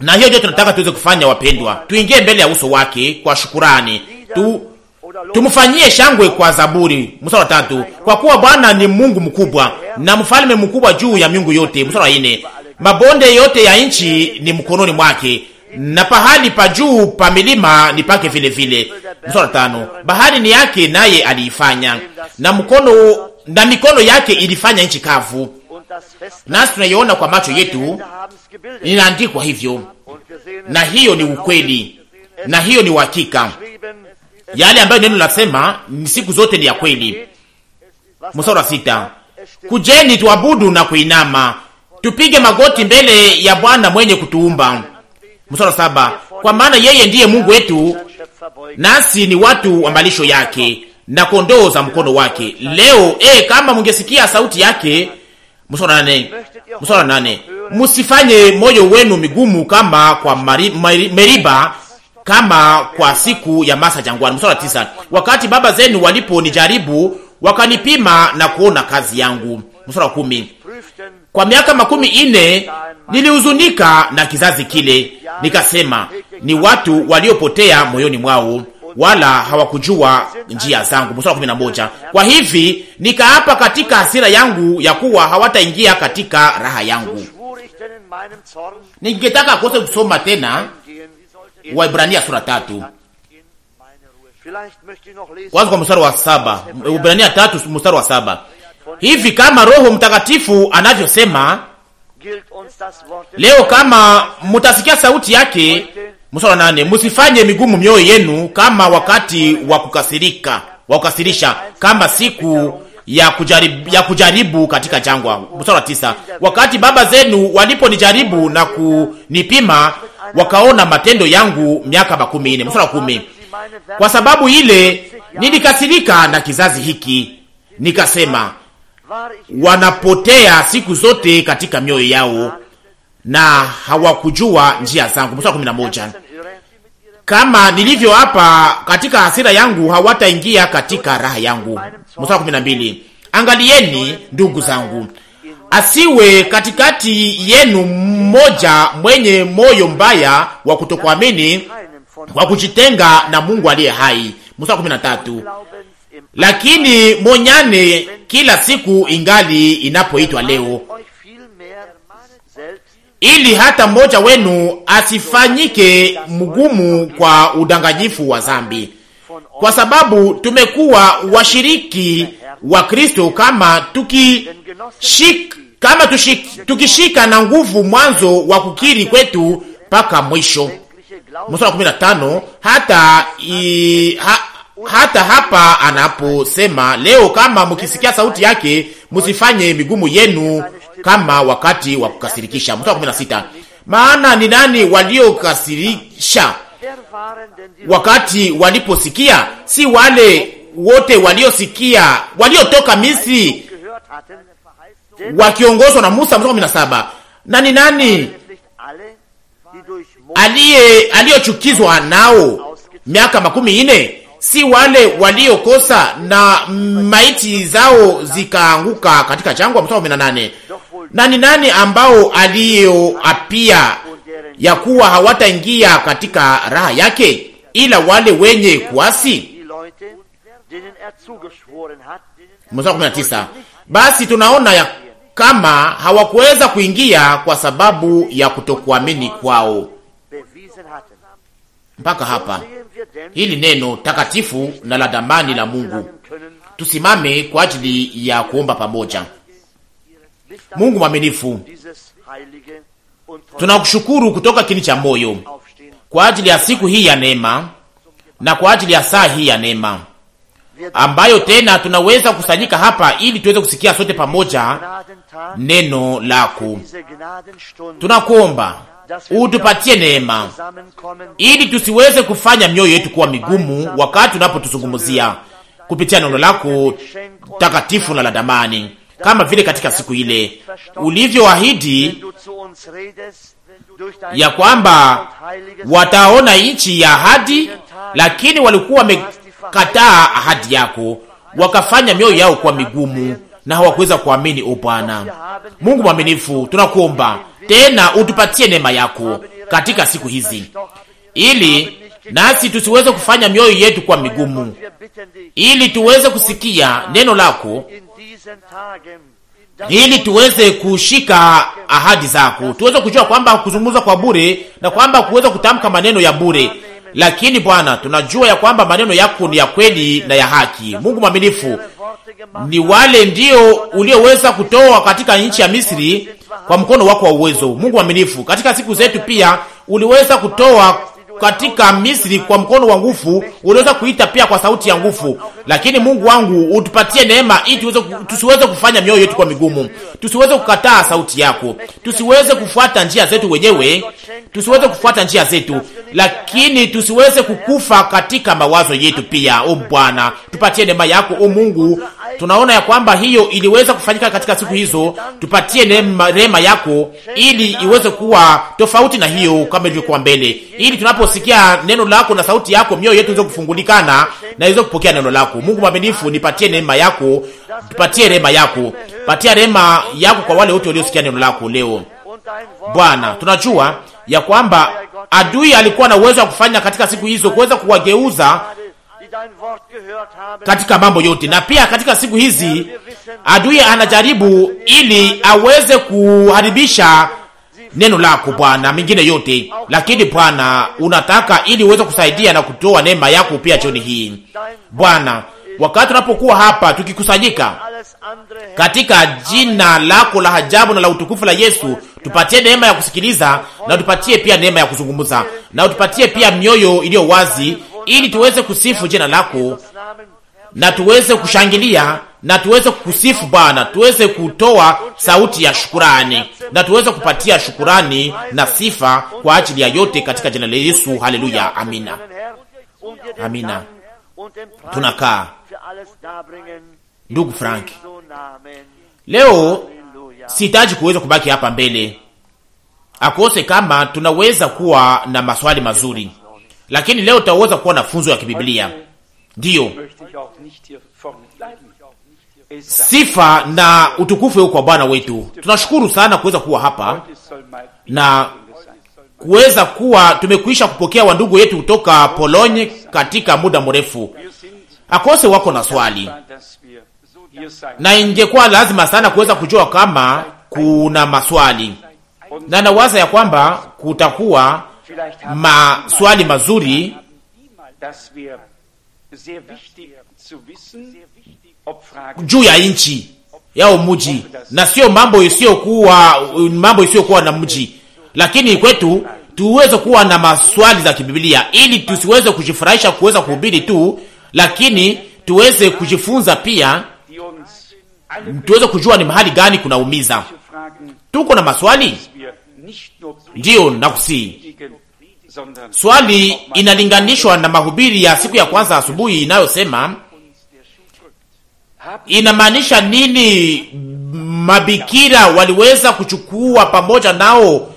Na hiyo ndio tunataka tuweze kufanya, wapendwa, tuingie mbele ya uso wake kwa shukurani tu, tumfanyie shangwe kwa Zaburi. Mstari wa tatu, kwa kuwa Bwana ni Mungu mkubwa na mfalme mkubwa juu ya miungu yote. Mstari wa nne, mabonde yote ya nchi ni mkononi mwake na pahali pa juu pa milima ni pake vile vile. Mstari tano, bahari ni yake naye aliifanya, na mkono na mikono yake ilifanya nchi kavu, nasi tunaiona kwa macho yetu, inaandikwa hivyo, na hiyo ni ukweli, na hiyo ni uhakika. Yale ambayo neno nasema ni siku zote ni ya kweli. Mstari sita, kujeni tuabudu na kuinama, tupige magoti mbele ya Bwana mwenye kutuumba mstari saba, kwa maana yeye ndiye Mungu wetu nasi ni watu wa malisho yake na kondoo za mkono wake. Leo e, kama mungesikia sauti yake. Mstari nane, mstari nane, msifanye moyo wenu migumu kama kwa mari, mari, Meriba, kama kwa siku ya masa jangwani. Mstari tisa, wakati baba zenu walipo jaribu wakanipima na kuona kazi yangu. Mstari kumi, kwa miaka makumi ine nilihuzunika na kizazi kile nikasema, ni watu waliopotea moyoni mwao, wala hawakujua njia zangu. Mstari kumi na moja. Kwa hivi nikaapa katika hasira yangu ya kuwa hawataingia katika raha yangu. Ningetaka kose kusoma tena Waibrania sura tatu kwanza kwa mstari wa saba. Waibrania tatu mstari wa saba. Hivi kama Roho Mtakatifu anavyosema Leo kama mutasikia sauti yake, msala nane, musifanye migumu mioyo yenu kama wakati wa kukasirika, wa kukasirisha, kama siku ya kujaribu, ya kujaribu katika jangwa. Msala tisa, wakati baba zenu waliponijaribu na kunipima wakaona matendo yangu miaka makumi nne. Msala kumi, kwa sababu ile nilikasirika na kizazi hiki nikasema wanapotea siku zote katika mioyo yao na hawakujua njia zangu. Mstari kumi na moja, kama nilivyo hapa katika hasira yangu hawataingia katika raha yangu. Mstari kumi na mbili, angalieni ndugu zangu, asiwe katikati yenu mmoja mwenye moyo mbaya wa kutokuamini, wa kujitenga na Mungu aliye hai. Mstari kumi na tatu, lakini monyane kila siku ingali inapoitwa leo, ili hata mmoja wenu asifanyike mgumu kwa udanganyifu wa zambi, kwa sababu tumekuwa washiriki wa Kristo kama tukishik, kama tushik, tukishika na nguvu mwanzo wa kukiri kwetu mpaka mwisho. Mstari wa 15 hata i, ha, hata hapa anaposema leo, kama mkisikia sauti yake msifanye migumu yenu kama wakati wa kukasirikisha. Mstari 16, maana ni nani waliokasirisha wakati waliposikia? Si wale wote waliosikia waliotoka Misri wakiongozwa na Musa. Mstari 17, na ni nani aliye aliyochukizwa nao miaka makumi ine si wale waliokosa na maiti zao zikaanguka katika jangwa. Mstari wa nane na ni nani ambao aliyoapia ya kuwa hawataingia katika raha yake ila wale wenye kuasi? Mstari wa tisa basi tunaona ya kama hawakuweza kuingia kwa sababu ya kutokuamini kwao mpaka hapa, hili neno takatifu na la damani la Mungu. Tusimame kwa ajili ya kuomba pamoja. Mungu mwaminifu, tunakushukuru kutoka kini cha moyo kwa ajili ya siku hii ya neema na kwa ajili ya saa hii ya neema ambayo tena tunaweza kusanyika hapa ili tuweze kusikia sote pamoja neno lako. Tunakuomba utupatie neema ili tusiweze kufanya mioyo yetu kuwa migumu wakati unapotuzungumzia kupitia neno lako takatifu na la damani, kama vile katika siku ile ulivyoahidi ya kwamba wataona nchi ya ahadi, lakini walikuwa wamekataa ahadi yako, wakafanya mioyo yao kuwa migumu na hawakuweza kuamini. O Bwana Mungu mwaminifu, tunakuomba tena utupatie neema yako katika siku hizi, ili nasi tusiweze kufanya mioyo yetu kwa migumu, ili tuweze kusikia neno lako, ili tuweze kushika ahadi zako, tuweze kujua kwamba kuzungumza kwa bure na kwamba kuweza kutamka maneno ya bure lakini Bwana, tunajua ya kwamba maneno yako ni ya kweli na ya haki. Mungu mwaminifu, ni wale ndio ulioweza kutoa katika nchi ya Misri kwa mkono wako wa uwezo. Mungu mwaminifu, katika siku zetu pia uliweza kutoa katika Misri kwa mkono wa nguvu, uliweza kuita pia kwa sauti ya nguvu. Lakini Mungu wangu, utupatie neema ili tusiweze kufanya mioyo yetu kwa migumu, tusiweze kukataa sauti yako, tusiweze kufuata njia zetu wenyewe, tusiweze kufuata njia zetu, lakini tusiweze kukufa katika mawazo yetu pia. O Bwana, tupatie neema yako, o Mungu tunaona ya kwamba hiyo iliweza kufanyika katika siku hizo. Tupatie neema, neema yako ili iweze kuwa tofauti na hiyo kama ilivyokuwa mbele, ili tunaposikia neno lako na sauti yako, mioyo yetu iweze kufungulikana na iweze kupokea neno lako. Mungu mwaminifu, nipatie neema yako, tupatie rema yako, patia rema yako kwa wale wote waliosikia neno lako leo. Bwana, tunajua ya kwamba adui alikuwa na uwezo wa kufanya katika siku hizo kuweza kuwageuza katika mambo yote, na pia katika siku hizi adui anajaribu er ili aweze kuharibisha neno lako Bwana, er mingine yote lakini Bwana unataka ili uweze kusaidia na kutoa neema yako pia jioni hii Bwana, wakati unapokuwa hapa tukikusanyika katika jina lako la hajabu na la utukufu la Yesu, tupatie neema ya kusikiliza na utupatie pia neema ya kuzungumza na utupatie pia mioyo iliyo wazi ili tuweze kusifu jina lako na tuweze kushangilia na tuweze kusifu Bwana, tuweze kutoa sauti ya shukurani na tuweze kupatia shukurani na sifa kwa ajili ya yote katika jina la Yesu. Haleluya, amina, amina. Tunakaa ndugu Frank, leo sihitaji kuweza kubaki hapa mbele akose, kama tunaweza kuwa na maswali mazuri lakini leo utaweza kuwa na funzo ya kibiblia. Ndiyo, sifa na utukufu kwa Bwana wetu. Tunashukuru sana kuweza kuwa hapa na kuweza kuwa tumekwisha kupokea wandugu yetu kutoka Polonye katika muda mrefu. Akose wako na swali, na ingekuwa lazima sana kuweza kujua kama kuna maswali, na nawaza ya kwamba kutakuwa maswali mazuri juu ya nchi yao mji, na sio mambo isiyokuwa mambo isiyokuwa na mji, lakini kwetu tuweze kuwa na maswali za kibiblia, ili tusiweze kujifurahisha kuweza kuhubiri tu, lakini tuweze kujifunza pia, tuweze kujua ni mahali gani kunaumiza. Tuko na maswali, ndiyo nakusii Swali inalinganishwa na mahubiri ya siku ya kwanza asubuhi inayosema inamaanisha nini mabikira waliweza kuchukua pamoja nao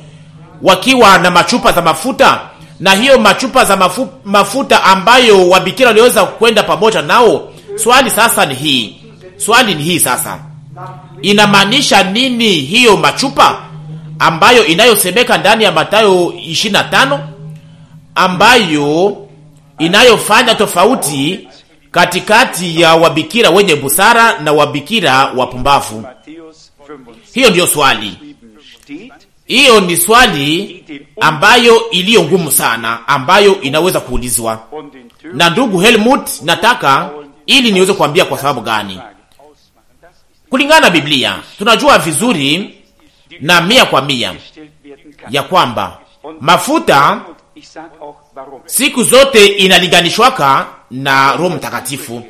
wakiwa na machupa za mafuta, na hiyo machupa za mafu, mafuta ambayo wabikira waliweza kwenda pamoja nao. Swali sasa ni hii, swali ni hii sasa, inamaanisha nini hiyo machupa ambayo inayosemeka ndani ya Mathayo 25 ambayo inayofanya tofauti katikati ya wabikira wenye busara na wabikira wapumbavu? Hiyo ndiyo swali. Hiyo ni swali ambayo iliyo ngumu sana, ambayo inaweza kuulizwa na ndugu Helmut. Nataka ili niweze kuambia kwa sababu gani, kulingana na Biblia tunajua vizuri na mia kwa mia ya kwamba mafuta siku zote inalinganishwaka na Roho Mtakatifu.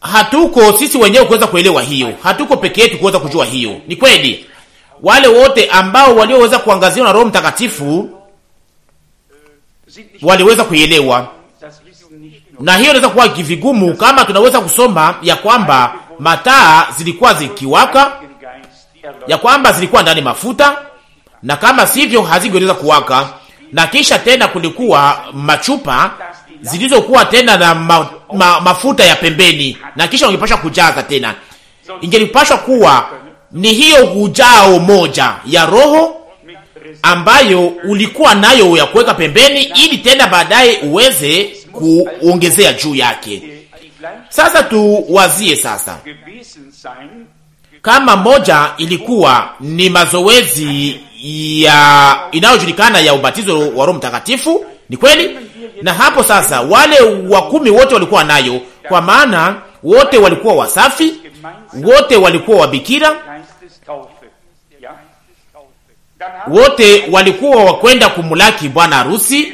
Hatuko sisi wenyewe kuweza kuelewa hiyo, hatuko peke yetu kuweza kujua hiyo. Ni kweli wale wote ambao walioweza kuangaziwa na Roho Mtakatifu waliweza kuielewa, na hiyo inaweza kuwa vigumu kama tunaweza kusoma ya kwamba mataa zilikuwa zikiwaka ya kwamba zilikuwa ndani mafuta, na kama sivyo hazingeweza kuwaka. Na kisha tena kulikuwa machupa zilizokuwa tena na ma, ma, mafuta ya pembeni, na kisha ungepashwa kujaza tena, ingelipashwa kuwa ni hiyo ujao moja ya roho ambayo ulikuwa nayo ya kuweka pembeni, ili tena baadaye uweze kuongezea juu yake. Sasa tuwazie sasa kama moja ilikuwa ni mazoezi ya inayojulikana ya ubatizo wa Roho Mtakatifu, ni kweli. Na hapo sasa wale wakumi wote walikuwa nayo, kwa maana wote walikuwa wasafi, wote walikuwa wabikira, wote walikuwa wakwenda kumulaki bwana harusi,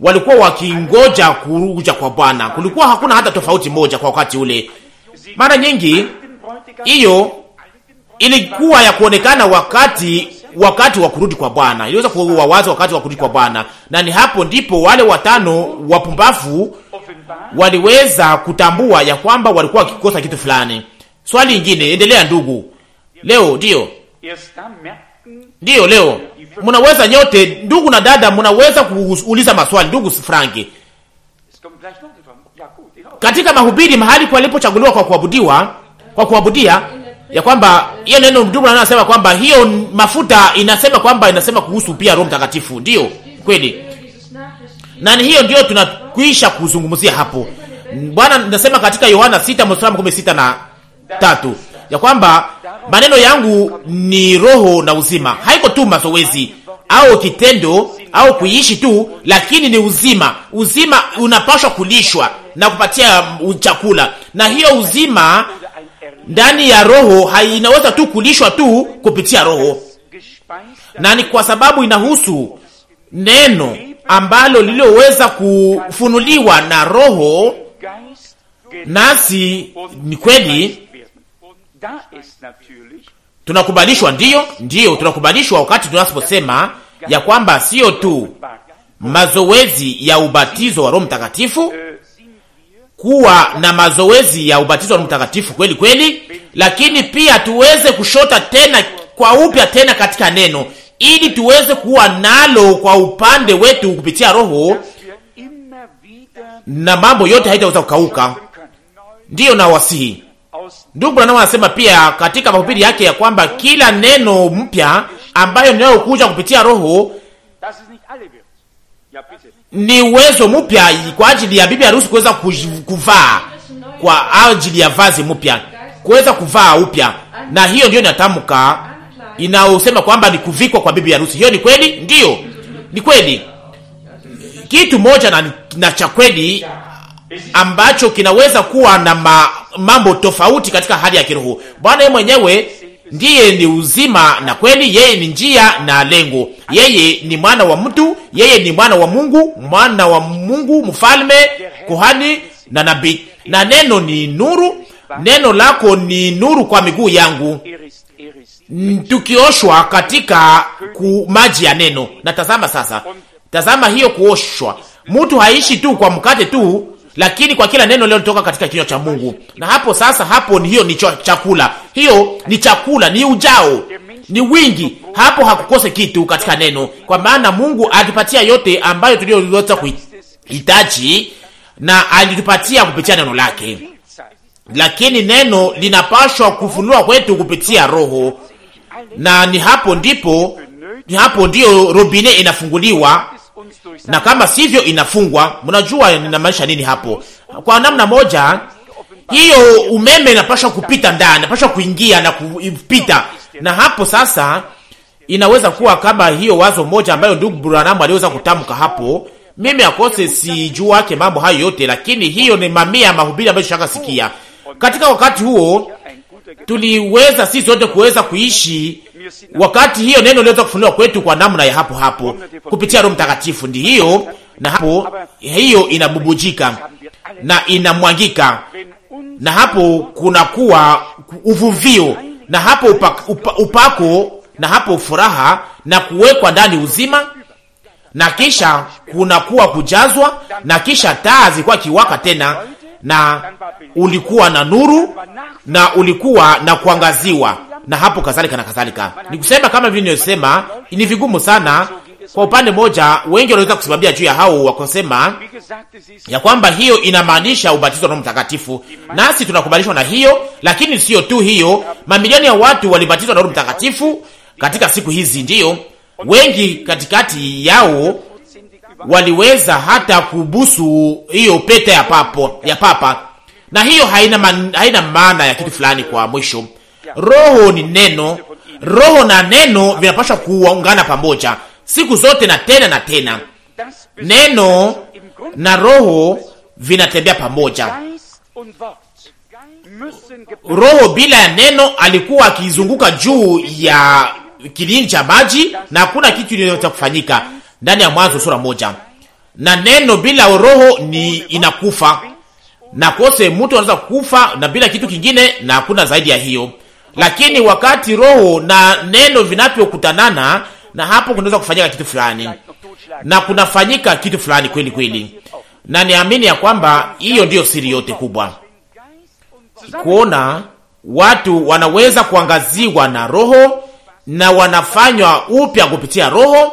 walikuwa wakingoja kuruja kwa Bwana. Kulikuwa hakuna hata tofauti moja kwa wakati ule. Mara nyingi hiyo ilikuwa ya kuonekana wakati wakati wa kurudi kwa Bwana, iliweza kuwa kuwawaza wakati wa kurudi kwa Bwana, na ni hapo ndipo wale watano wapumbavu waliweza kutambua ya kwamba walikuwa wakikosa kitu fulani. Swali ingine, endelea ndugu. Leo ndio ndio leo mnaweza nyote, ndugu na dada, mnaweza kuuliza maswali. Ndugu Franki, katika mahubiri mahali palipochaguliwa kwa kuabudiwa, kwa kuabudia ya kwamba hiyo neno ndugu anasema kwamba hiyo mafuta inasema kwamba inasema kuhusu pia Roho Mtakatifu, ndio kweli, na hiyo ndio tunakwisha kuzungumzia hapo. Bwana nasema katika Yohana 6 mstari wa 16 na tatu ya kwamba maneno yangu ni roho na uzima. Haiko tu mazoezi au kitendo au kuishi tu, lakini ni uzima. Uzima unapaswa kulishwa na kupatia chakula, na hiyo uzima ndani ya roho hainaweza tu kulishwa tu kupitia roho, na ni kwa sababu inahusu neno ambalo lililoweza kufunuliwa na roho, nasi ni kweli tunakubalishwa. Ndiyo, ndiyo, tunakubalishwa wakati tunaposema ya kwamba sio tu mazoezi ya ubatizo wa Roho Mtakatifu kuwa na mazoezi ya ubatizo wa mtakatifu kweli kweli, lakini pia tuweze kushota tena kwa upya tena katika neno, ili tuweze kuwa nalo kwa upande wetu kupitia Roho, na mambo yote haitaweza kukauka. Ndiyo na wasihi ndugu Branham anasema pia katika mahubiri yake ya kwamba kila neno mpya ambayo ninayokuja kupitia Roho ni uwezo mpya kwa ajili ya bibi harusi kuweza kuvaa kwa ajili ya vazi mpya, kuweza kuvaa upya, na hiyo ndio inatamka inaosema kwamba ni kuvikwa kwa bibi harusi. Hiyo ni kweli, ndio ni kweli. Kitu moja na, na cha kweli ambacho kinaweza kuwa na ma, mambo tofauti katika hali ya kiroho. Bwana yeye mwenyewe ndiye ni uzima na kweli, yeye ni njia na lengo, yeye ni mwana wa mtu, yeye ni mwana wa Mungu, mwana wa Mungu, mfalme, kuhani na nabii. Na neno ni nuru, neno lako ni nuru kwa miguu yangu, tukioshwa katika maji ya neno. Na tazama sasa, tazama hiyo kuoshwa, mtu haishi tu kwa mkate tu lakini kwa kila neno linalotoka katika kinywa cha Mungu. Na hapo sasa, hapo ni hiyo, ni chakula, hiyo ni chakula, ni ujao, ni wingi. Hapo hakukose kitu katika neno, kwa maana Mungu alitupatia yote ambayo tuliyoweza kuhitaji, na alitupatia kupitia neno lake. Lakini neno linapashwa kufunua kwetu kupitia Roho, na ni hapo ndipo, ni hapo ndiyo robine inafunguliwa na kama sivyo inafungwa. Mnajua ninamaanisha nini hapo? Kwa namna moja hiyo umeme inapaswa kupita ndani, inapaswa kuingia na kupita, na hapo sasa inaweza kuwa kama hiyo wazo moja ambayo ndugu Branham aliweza kutamka hapo. Mimi akose sijuake mambo hayo yote, lakini hiyo ni mamia ya mahubiri ambayo shaka sikia katika wakati huo tuliweza sisi wote kuweza kuishi wakati hiyo neno liweza kufunua kwetu kwa namna ya hapo hapo kupitia Roho Mtakatifu, hiyo na hapo hiyo inabubujika na inamwangika, na hapo kunakuwa uvuvio, na hapo upa, upa, upako, na hapo furaha na kuwekwa ndani uzima, na kisha kunakuwa kujazwa, na kisha taa zikuwa kiwaka tena na ulikuwa na nuru na ulikuwa na kuangaziwa na hapo kadhalika na kadhalika. Nikusema kama vile niliyosema, ni vigumu sana kwa upande mmoja, wengi wanaweza kusimamia juu ya hao wakosema ya kwamba hiyo inamaanisha ubatizo wa Roho Mtakatifu, nasi tunakubalishwa na hiyo. Lakini sio tu hiyo, mamilioni ya watu walibatizwa na Roho Mtakatifu katika siku hizi, ndiyo wengi katikati yao waliweza hata kubusu hiyo pete ya papo ya papa, na hiyo haina man, haina maana ya kitu fulani. Kwa mwisho, roho ni neno, roho na neno vinapaswa kuungana pamoja siku zote na tena na tena. Neno na roho vinatembea pamoja. Roho bila ya neno alikuwa akizunguka juu ya kilinja cha maji na hakuna kitu inayoweza kufanyika ndani ya Mwanzo sura moja, na neno bila roho ni inakufa na kose, mtu anaweza kufa na bila kitu kingine, na hakuna zaidi ya hiyo. Lakini wakati roho na neno vinapokutanana, na hapo kunaweza kufanyika kitu fulani, na kunafanyika kitu fulani kweli kweli, na niamini ya kwamba hiyo ndiyo siri yote kubwa, kuona watu wanaweza kuangaziwa na roho na wanafanywa upya kupitia Roho,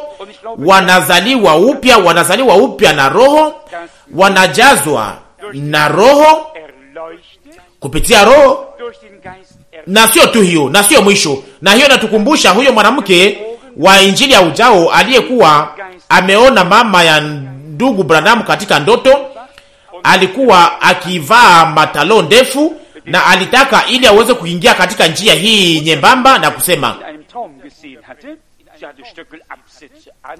wanazaliwa upya, wanazaliwa upya na Roho, wanajazwa na Roho kupitia Roho. Na sio tu hiyo, na sio mwisho. Na hiyo natukumbusha huyo mwanamke wa injili ya ujao aliyekuwa ameona mama ya ndugu Branham katika ndoto, alikuwa akivaa matalo ndefu na alitaka ili aweze kuingia katika njia hii nyembamba na kusema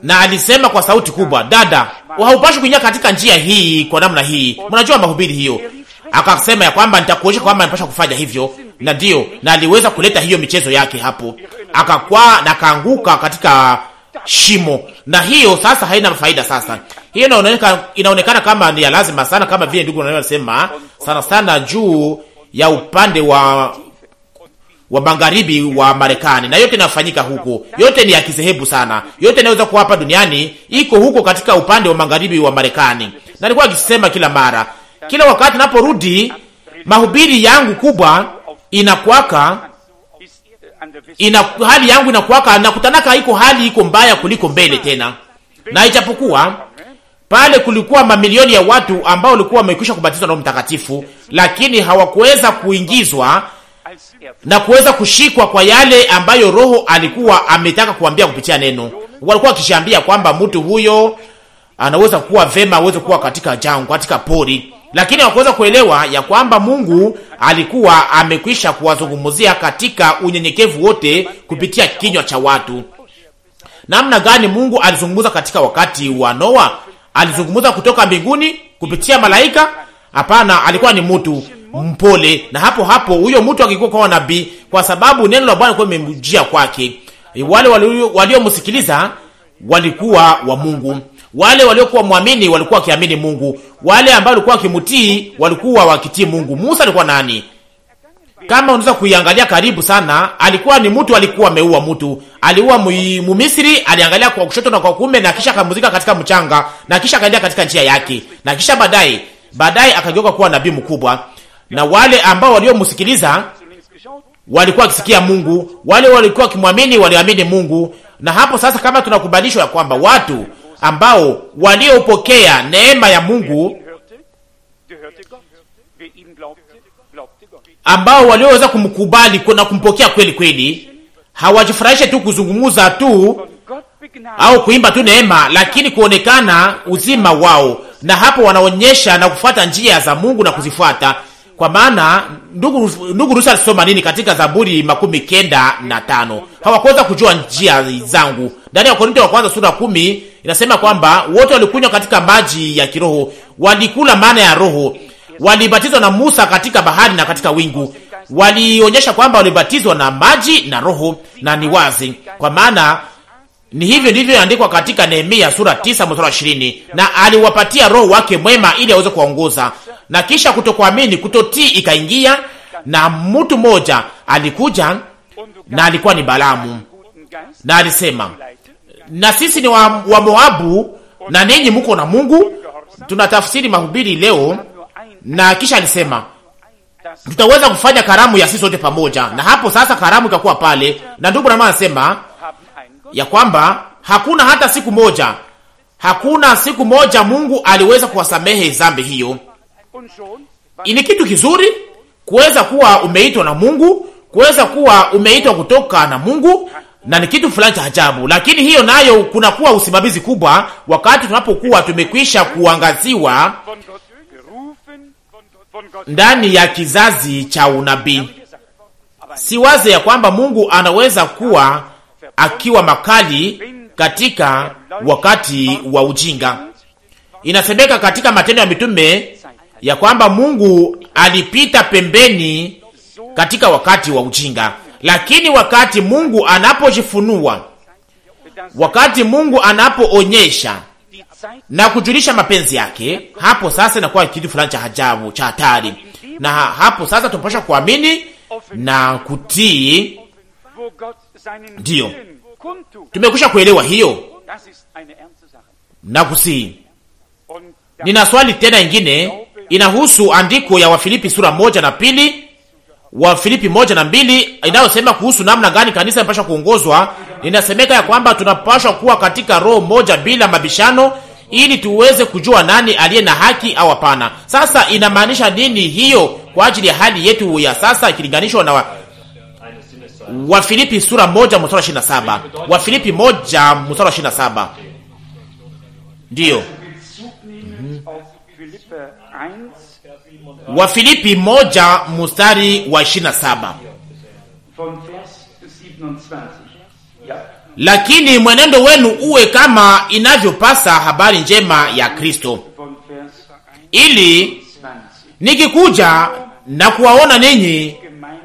na alisema kwa sauti kubwa, dada, haupashi kuingia katika njia hii kwa namna hii. Mnajua mahubiri hiyo, akasema ya kwamba nitakuonyesha kwamba nipasha kufanya hivyo, na ndio na aliweza kuleta hiyo michezo yake hapo, akakwaa na kaanguka katika shimo, na hiyo sasa haina faida. Sasa hiyo inaonekana, inaonekana kama ni ya lazima sana, kama vile ndugu anasema sana sana juu ya upande wa wa magharibi wa Marekani, na yote inafanyika huko, yote ni ya kisehebu sana, yote inaweza kuwa hapa duniani iko huko katika upande wa magharibi wa Marekani. Na nilikuwa akisema kila mara, kila wakati naporudi, mahubiri yangu kubwa inakwaka ina hali yangu inakwaka, nakutanaka iko hali iko mbaya kuliko mbele tena, na ichapokuwa pale kulikuwa mamilioni ya watu ambao walikuwa wamekwisha kubatizwa na Roho Mtakatifu, lakini hawakuweza kuingizwa na kuweza kushikwa kwa yale ambayo Roho alikuwa ametaka kuambia kupitia neno. Walikuwa wakishaambia kwamba mtu huyo anaweza kuwa vema, aweze kuwa katika jangwa, katika pori, lakini hawakuweza kuelewa ya kwamba Mungu alikuwa amekwisha kuwazungumzia katika unyenyekevu wote kupitia kinywa cha watu. Namna gani Mungu alizungumza katika wakati wa Noa? Alizungumza kutoka mbinguni kupitia malaika? Hapana, alikuwa ni mtu mpole, na hapo hapo huyo mtu akikuwa kwa nabii, kwa sababu neno la Bwana kwa kwake. E, wale waliomsikiliza walikuwa wa Mungu, wale waliokuwa mwamini walikuwa wakiamini Mungu, wale ambao walikuwa wakimutii walikuwa wakitii Mungu. Musa alikuwa nani? Kama unaweza kuiangalia karibu sana, alikuwa ni mtu, alikuwa ameua mtu, aliua Mumisri, aliangalia kwa kushoto na kwa kume, na kisha akamuzika katika mchanga, na kisha akaendelea katika njia yake, na kisha baadaye baadaye akageuka kuwa nabii mkubwa, na wale ambao waliomsikiliza walikuwa wakisikia Mungu, wale walikuwa wakimwamini waliamini Mungu. Na hapo sasa, kama tunakubalishwa ya kwamba watu ambao waliopokea neema ya Mungu ambao walioweza kumkubali na kumpokea kweli kweli, hawajifurahishe tu kuzungumza tu au kuimba tu neema, lakini kuonekana uzima wao, na hapo wanaonyesha na kufuata njia za Mungu na kuzifuata. Kwa maana ndugu, ndugu Rusa alisoma nini katika Zaburi makumi kenda na tano? Hawakuweza kujua njia zangu. Ndani ya Korinto wa kwanza sura kumi inasema kwamba wote walikunywa katika maji ya kiroho, walikula maana ya roho, walibatizwa na Musa katika bahari na katika wingu. Walionyesha kwamba walibatizwa na maji na Roho, na ni wazi kwa maana ni hivyo ndivyo andikwa katika Nehemia sura 9 mstari wa 20, na aliwapatia roho wake mwema ili aweze kuwaongoza. Na kisha kutokuamini, kutotii ikaingia, na mtu mmoja alikuja na alikuwa ni Balamu, na alisema, na sisi ni wa, wa Moabu na ninyi mko na Mungu. Tunatafsiri mahubiri leo na kisha alisema tutaweza kufanya karamu ya sisi sote pamoja, na hapo sasa karamu ikakuwa pale. Na ndugu Branham anasema ya kwamba hakuna hata siku moja, hakuna siku moja Mungu aliweza kuwasamehe dhambi hiyo. Ni kitu kizuri kuweza kuwa umeitwa na Mungu, kuweza kuwa umeitwa kutoka na Mungu, na ni kitu fulani cha ajabu, lakini hiyo nayo kunakuwa usimamizi kubwa, wakati tunapokuwa tumekwisha kuangaziwa ndani ya kizazi cha unabii. Si waze ya kwamba Mungu anaweza kuwa akiwa makali katika wakati wa ujinga. Inasemeka katika Matendo ya Mitume ya kwamba Mungu alipita pembeni katika wakati wa ujinga, lakini wakati Mungu anapojifunua, wakati Mungu anapoonyesha na kujulisha mapenzi yake, hapo sasa inakuwa kitu fulani cha ajabu cha hatari, na hapo sasa tunapaswa kuamini na kutii. Ndiyo, tumekwisha kuelewa hiyo na kusii. Nina swali tena ingine inahusu andiko ya Wafilipi sura moja na pili Wafilipi moja na mbili inayosema kuhusu namna gani kanisa inapashwa kuongozwa. Inasemeka ya kwamba tunapashwa kuwa katika roho moja bila mabishano ili tuweze kujua nani aliye na haki au hapana. Sasa inamaanisha nini hiyo kwa ajili ya hali yetu ya sasa ikilinganishwa na wa... Wafilipi sura moja mstari wa saba. Wafilipi moja mstari wa saba. Ndiyo. Mhm. Wafilipi moja mstari wa 27 lakini mwenendo wenu uwe kama inavyopasa habari njema ya Kristo, ili nikikuja na kuwaona ninyi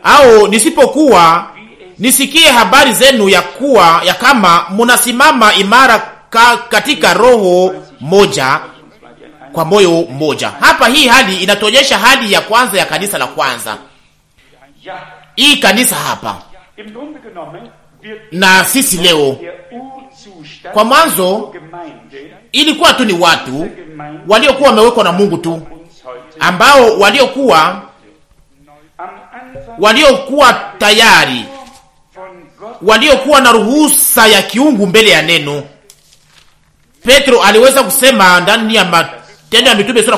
au nisipokuwa nisikie habari zenu ya kuwa ya kama munasimama imara ka, katika roho moja kwa moyo mmoja. Hapa hii hali inatuonyesha hali ya kwanza ya kanisa la kwanza, hii kanisa hapa na sisi leo. Kwa mwanzo ilikuwa tu ni watu waliokuwa wamewekwa na Mungu tu, ambao waliokuwa waliokuwa tayari, waliokuwa na ruhusa ya kiungu mbele ya neno. Petro aliweza kusema ndani ya Matendo ya Mitume sura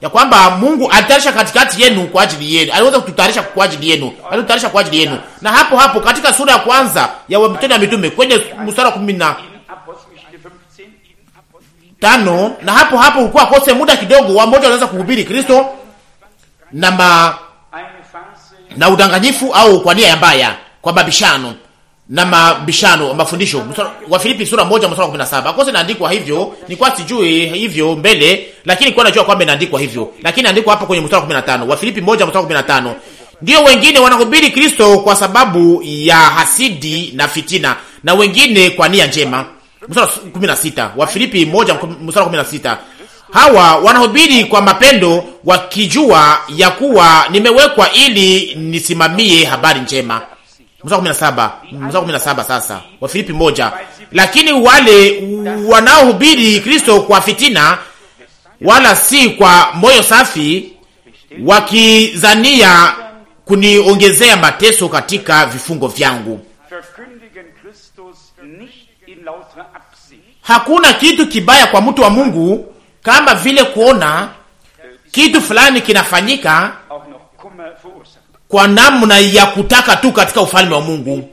ya kwamba Mungu alitarisha katikati yenu kwa ajili yenu, aliweza kututarisha kwa ajili yenu, alitutayarisha kwa ajili yenu. Na hapo hapo katika sura ya kwanza ya Matendo ya Mitume kwenye mstari wa kumi na tano na hapo hapo hukuwa kose muda kidogo, wamoja wanaweza kuhubiri Kristo na ma, na udanganyifu au kwa nia mbaya, kwa mabishano na mabishano mafundisho. Wa Filipi sura moja mstari wa 17, kwanza inaandikwa hivyo, ni kwa sijui hivyo mbele, lakini kwa najua kwamba inaandikwa hivyo, lakini inaandikwa hapa kwenye mstari wa 15, Filipi moja mstari wa 15. Ndio wengine wanahubiri Kristo kwa sababu ya hasidi na fitina, na wengine kwa nia njema. Mstari wa sita wa Filipi moja mstari wa sita hawa wanahubiri kwa mapendo, wakijua ya kuwa nimewekwa ili nisimamie habari njema mstari wa 17, mstari wa 17 sasa wa Filipi moja. Lakini wale wanaohubiri Kristo kwa fitina, wala si kwa moyo safi, wakizania kuniongezea mateso katika vifungo vyangu. Hakuna kitu kibaya kwa mtu wa Mungu kama vile kuona kitu fulani kinafanyika kwa namna ya kutaka tu katika ufalme wa Mungu,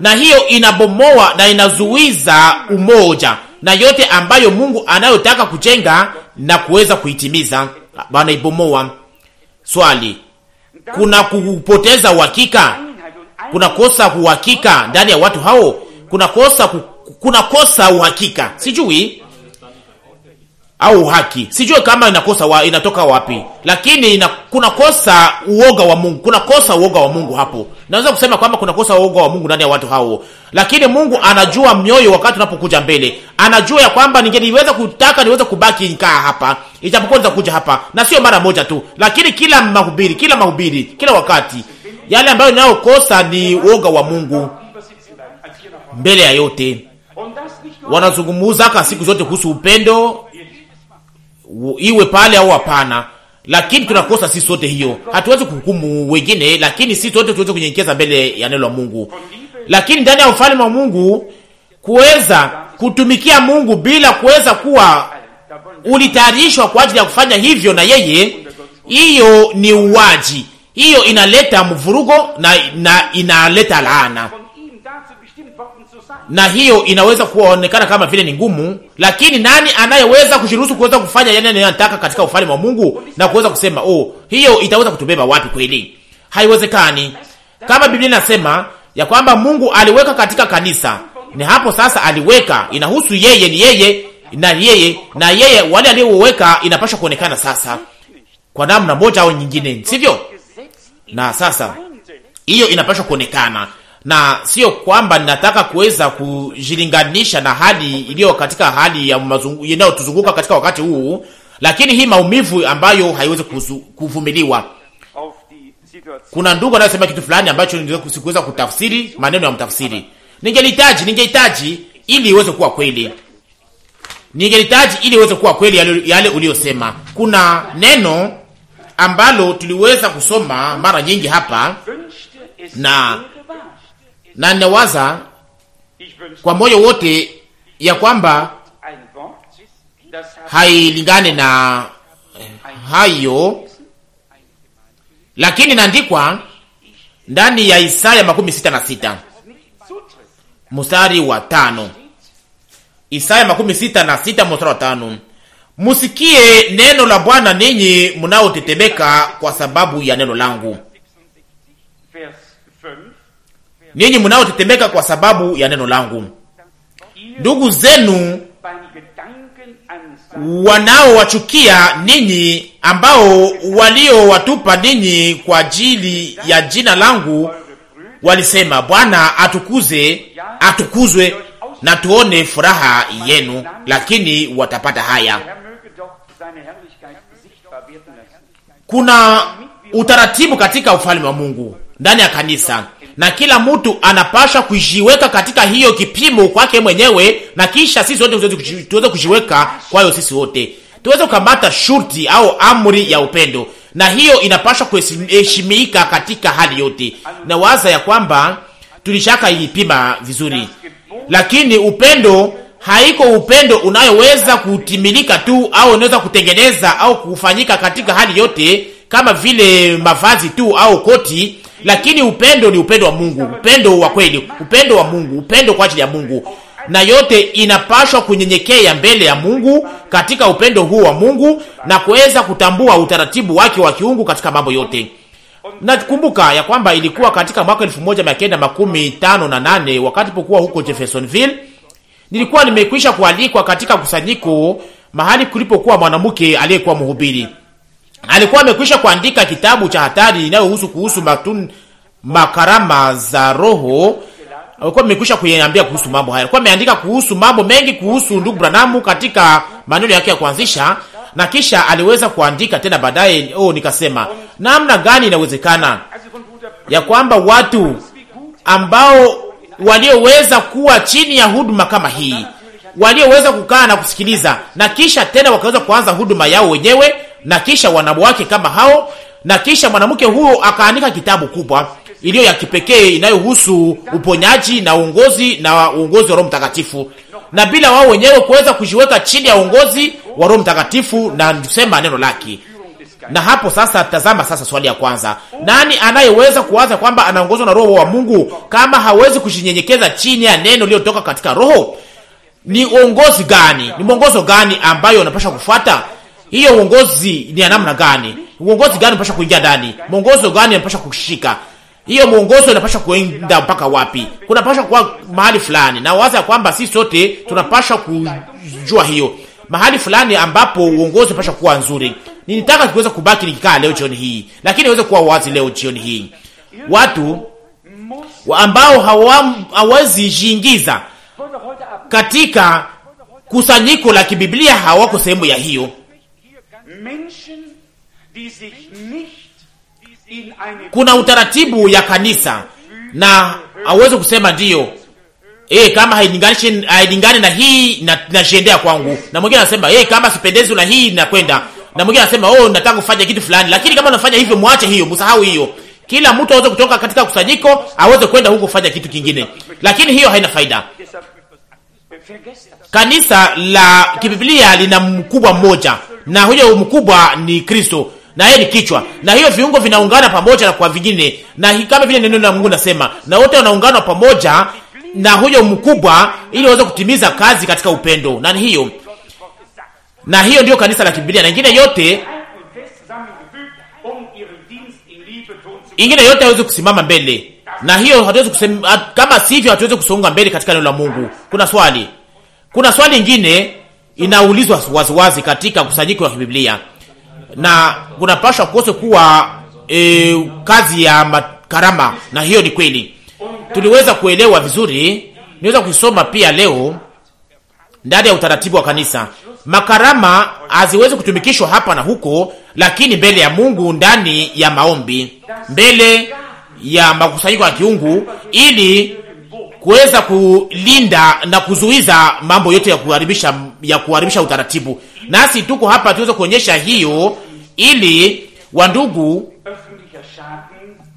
na hiyo inabomoa na inazuiza umoja na yote ambayo Mungu anayotaka kujenga na kuweza kuitimiza, wanaibomoa. Swali, kuna kupoteza uhakika, kuna kosa uhakika ndani ya watu hao, kuna kosa kuna kosa uhakika, sijui au haki. Sijue kama inakosa wa, inatoka wapi, lakini ina, kuna kosa uoga wa Mungu, kuna kosa uoga wa Mungu hapo. Naweza kusema kwamba kuna kosa uoga wa Mungu ndani ya watu hao, lakini Mungu anajua mioyo. Wakati unapokuja mbele, anajua ya kwamba ningeliweza kutaka niweze kubaki nikaa hapa, ijapokuwa kuja hapa na sio mara moja tu, lakini kila mahubiri, kila mahubiri, kila wakati, yale ambayo ninayokosa ni uoga wa Mungu mbele ya yote. Wanazungumuzaka siku zote kuhusu upendo iwe pale au hapana, lakini tunakosa sisi sote hiyo. Hatuwezi kuhukumu wengine, lakini sisi sote tuweze kunyenyekeza mbele ya neno la Mungu, lakini ndani ya ufalme wa Mungu kuweza kutumikia Mungu bila kuweza kuwa ulitayarishwa kwa ajili ya kufanya hivyo, na yeye hiyo ni uwaji, hiyo inaleta mvurugo na, na inaleta laana na hiyo inaweza kuonekana kama vile ni ngumu, lakini nani anayeweza kushiruhusu kuweza kufanya yale anayotaka katika ufalme wa Mungu na kuweza kusema oh, hiyo itaweza kutubeba wapi? Kweli haiwezekani. Kama Biblia inasema ya kwamba Mungu aliweka katika kanisa, ni hapo sasa aliweka, inahusu yeye, ni yeye na yeye na yeye, wale aliyoweka inapaswa kuonekana sasa kwa namna moja au nyingine, sivyo? Na sasa hiyo inapaswa kuonekana na sio kwamba ninataka kuweza kujilinganisha na hali iliyo katika hali ya inayotuzunguka katika wakati huu, lakini hii maumivu ambayo haiwezi kuvumiliwa. Kuna ndugu anayesema kitu fulani ambacho sikuweza kutafsiri maneno ya mtafsiri. Ningelihitaji, ningehitaji ili iweze kuwa kweli, ningelihitaji ili iweze kuwa kweli yale, yale uliyosema. Kuna neno ambalo tuliweza kusoma mara nyingi hapa na na ninawaza kwa moyo wote ya kwamba hailingane na eh, hayo, lakini inaandikwa ndani ya Isaya makumi sita na sita mstari wa tano. Isaya makumi sita na sita mstari wa tano. Musikie neno la Bwana ninyi mnaotetemeka kwa sababu ya neno langu, ninyi mnaotetemeka kwa sababu ya neno langu. Ndugu zenu wanaowachukia ninyi, ambao waliowatupa ninyi kwa ajili ya jina langu, walisema, Bwana atukuze, atukuzwe na tuone furaha yenu, lakini watapata haya. Kuna utaratibu katika ufalme wa Mungu ndani ya kanisa na kila mtu anapasha kujiweka katika hiyo kipimo kwake mwenyewe, na kisha sisi wote tuweze kujiweka kwayo, sisi wote tuweze kukamata shurti au amri ya upendo, na hiyo inapasha kuheshimika katika hali yote, na waza ya kwamba tulishaka ipima vizuri, lakini upendo haiko upendo unayoweza kutimilika tu au unaweza kutengeneza au kufanyika katika hali yote, kama vile mavazi tu au koti lakini upendo ni upendo wa Mungu, upendo wa kweli, upendo wa Mungu, upendo kwa ajili ya Mungu, na yote inapashwa kunyenyekea mbele ya Mungu katika upendo huu wa Mungu na kuweza kutambua utaratibu wake wa kiungu katika mambo yote. Nakumbuka ya kwamba ilikuwa katika mwaka 1958 wakati pokuwa huko Jeffersonville, nilikuwa nimekwisha kualikwa katika kusanyiko mahali kulipokuwa mwanamke aliyekuwa mhubiri alikuwa amekwisha kuandika kitabu cha hatari inayohusu kuhusu matun, makarama za Roho. Alikuwa amekwisha kuiambia kuhusu mambo haya, alikuwa ameandika kuhusu mambo mengi kuhusu ndugu Branamu katika maneno yake ya kuanzisha, na kisha aliweza kuandika tena baadaye. Oh, nikasema namna gani inawezekana ya kwamba watu ambao walioweza kuwa chini ya huduma kama hii walioweza kukaa na kusikiliza na kisha tena wakaweza kuanza huduma yao wenyewe na kisha wanawake kama hao, na kisha mwanamke huyo akaandika kitabu kubwa iliyo ya kipekee inayohusu uponyaji na uongozi na uongozi wa Roho Mtakatifu, na bila wao wenyewe kuweza kujiweka chini ya uongozi wa Roho Mtakatifu na kusema neno lake. Na hapo sasa, tazama sasa, swali ya kwanza, nani anayeweza kuwaza kwamba anaongozwa na Roho wa Mungu kama hawezi kujinyenyekeza chini ya neno lililotoka katika Roho? Ni uongozi gani, ni mwongozo gani ambayo unapaswa kufuata? hiyo uongozi ni ya namna gani? Uongozi gani unapasha kuingia ndani? Mwongozo gani unapasha kushika? Hiyo mwongozo unapasha kuenda mpaka wapi? Kunapasha kuwa mahali fulani, na waza kwamba si sote tunapasha kujua hiyo mahali fulani ambapo uongozi unapasha kuwa nzuri. Ninitaka kuweza kubaki nikikaa leo jioni hii, lakini niweze kuwa wazi leo jioni hii, watu ambao hawawezi jiingiza katika kusanyiko la kibiblia hawako sehemu ya hiyo. Kuna utaratibu ya kanisa na hauwezi kusema ndiyo e, eh, kama hailingani na hii nashiendea na kwangu, na mwingine anasema e, kama sipendezi na hii nakwenda, na mwingine anasema oh, nataka kufanya kitu fulani, lakini kama unafanya hivyo, mwache hiyo, msahau hiyo. Kila mtu aweze kutoka katika kusanyiko aweze kwenda huko kufanya kitu kingine, lakini hiyo haina faida. Kanisa la kibiblia lina mkubwa mmoja na huyo mkubwa ni Kristo na yeye ni kichwa, na hiyo viungo vinaungana pamoja na kwa vingine, na kama vile neno la Mungu nasema, na wote wanaungana pamoja na huyo mkubwa, ili waweze kutimiza kazi katika upendo. Na hiyo na hiyo ndio kanisa la Biblia, na ingine yote ingine yote hawezi kusimama mbele, na hiyo hatuwezi kusema, kama sivyo hatuwezi kusonga mbele katika neno la Mungu. Kuna swali, kuna swali ingine inaulizwa waziwazi katika kusanyiko la kibiblia, na kunapasha kose kuwa e, kazi ya makarama, na hiyo ni kweli. Tuliweza kuelewa vizuri, niweza kuisoma pia leo ndani ya utaratibu wa kanisa. Makarama haziwezi kutumikishwa hapa na huko, lakini mbele ya Mungu ndani ya maombi, mbele ya makusanyiko ya kiungu, ili kuweza kulinda na kuzuiza mambo yote ya kuharibisha ya kuharibisha utaratibu. Nasi tuko hapa tuweze kuonyesha hiyo, ili wandugu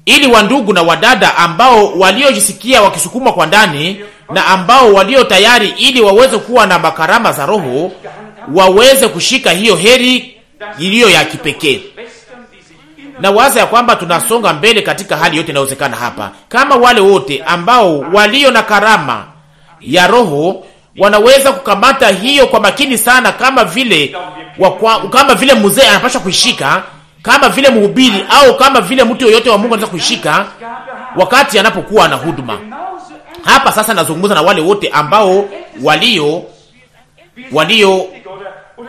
ili wandugu na wadada ambao waliojisikia wakisukumwa kwa ndani na ambao walio tayari ili waweze kuwa na makarama za Roho waweze kushika hiyo heri iliyo ya kipekee na waza ya kwamba tunasonga mbele katika hali yote inayowezekana hapa, kama wale wote ambao walio na karama ya Roho wanaweza kukamata hiyo kwa makini sana, kama vile wakwa, kama vile mzee anapaswa kuishika, kama vile mhubiri au kama vile mtu yoyote wa Mungu anaweza kuishika wakati anapokuwa na huduma hapa. Sasa nazungumza na wale wote ambao walio walio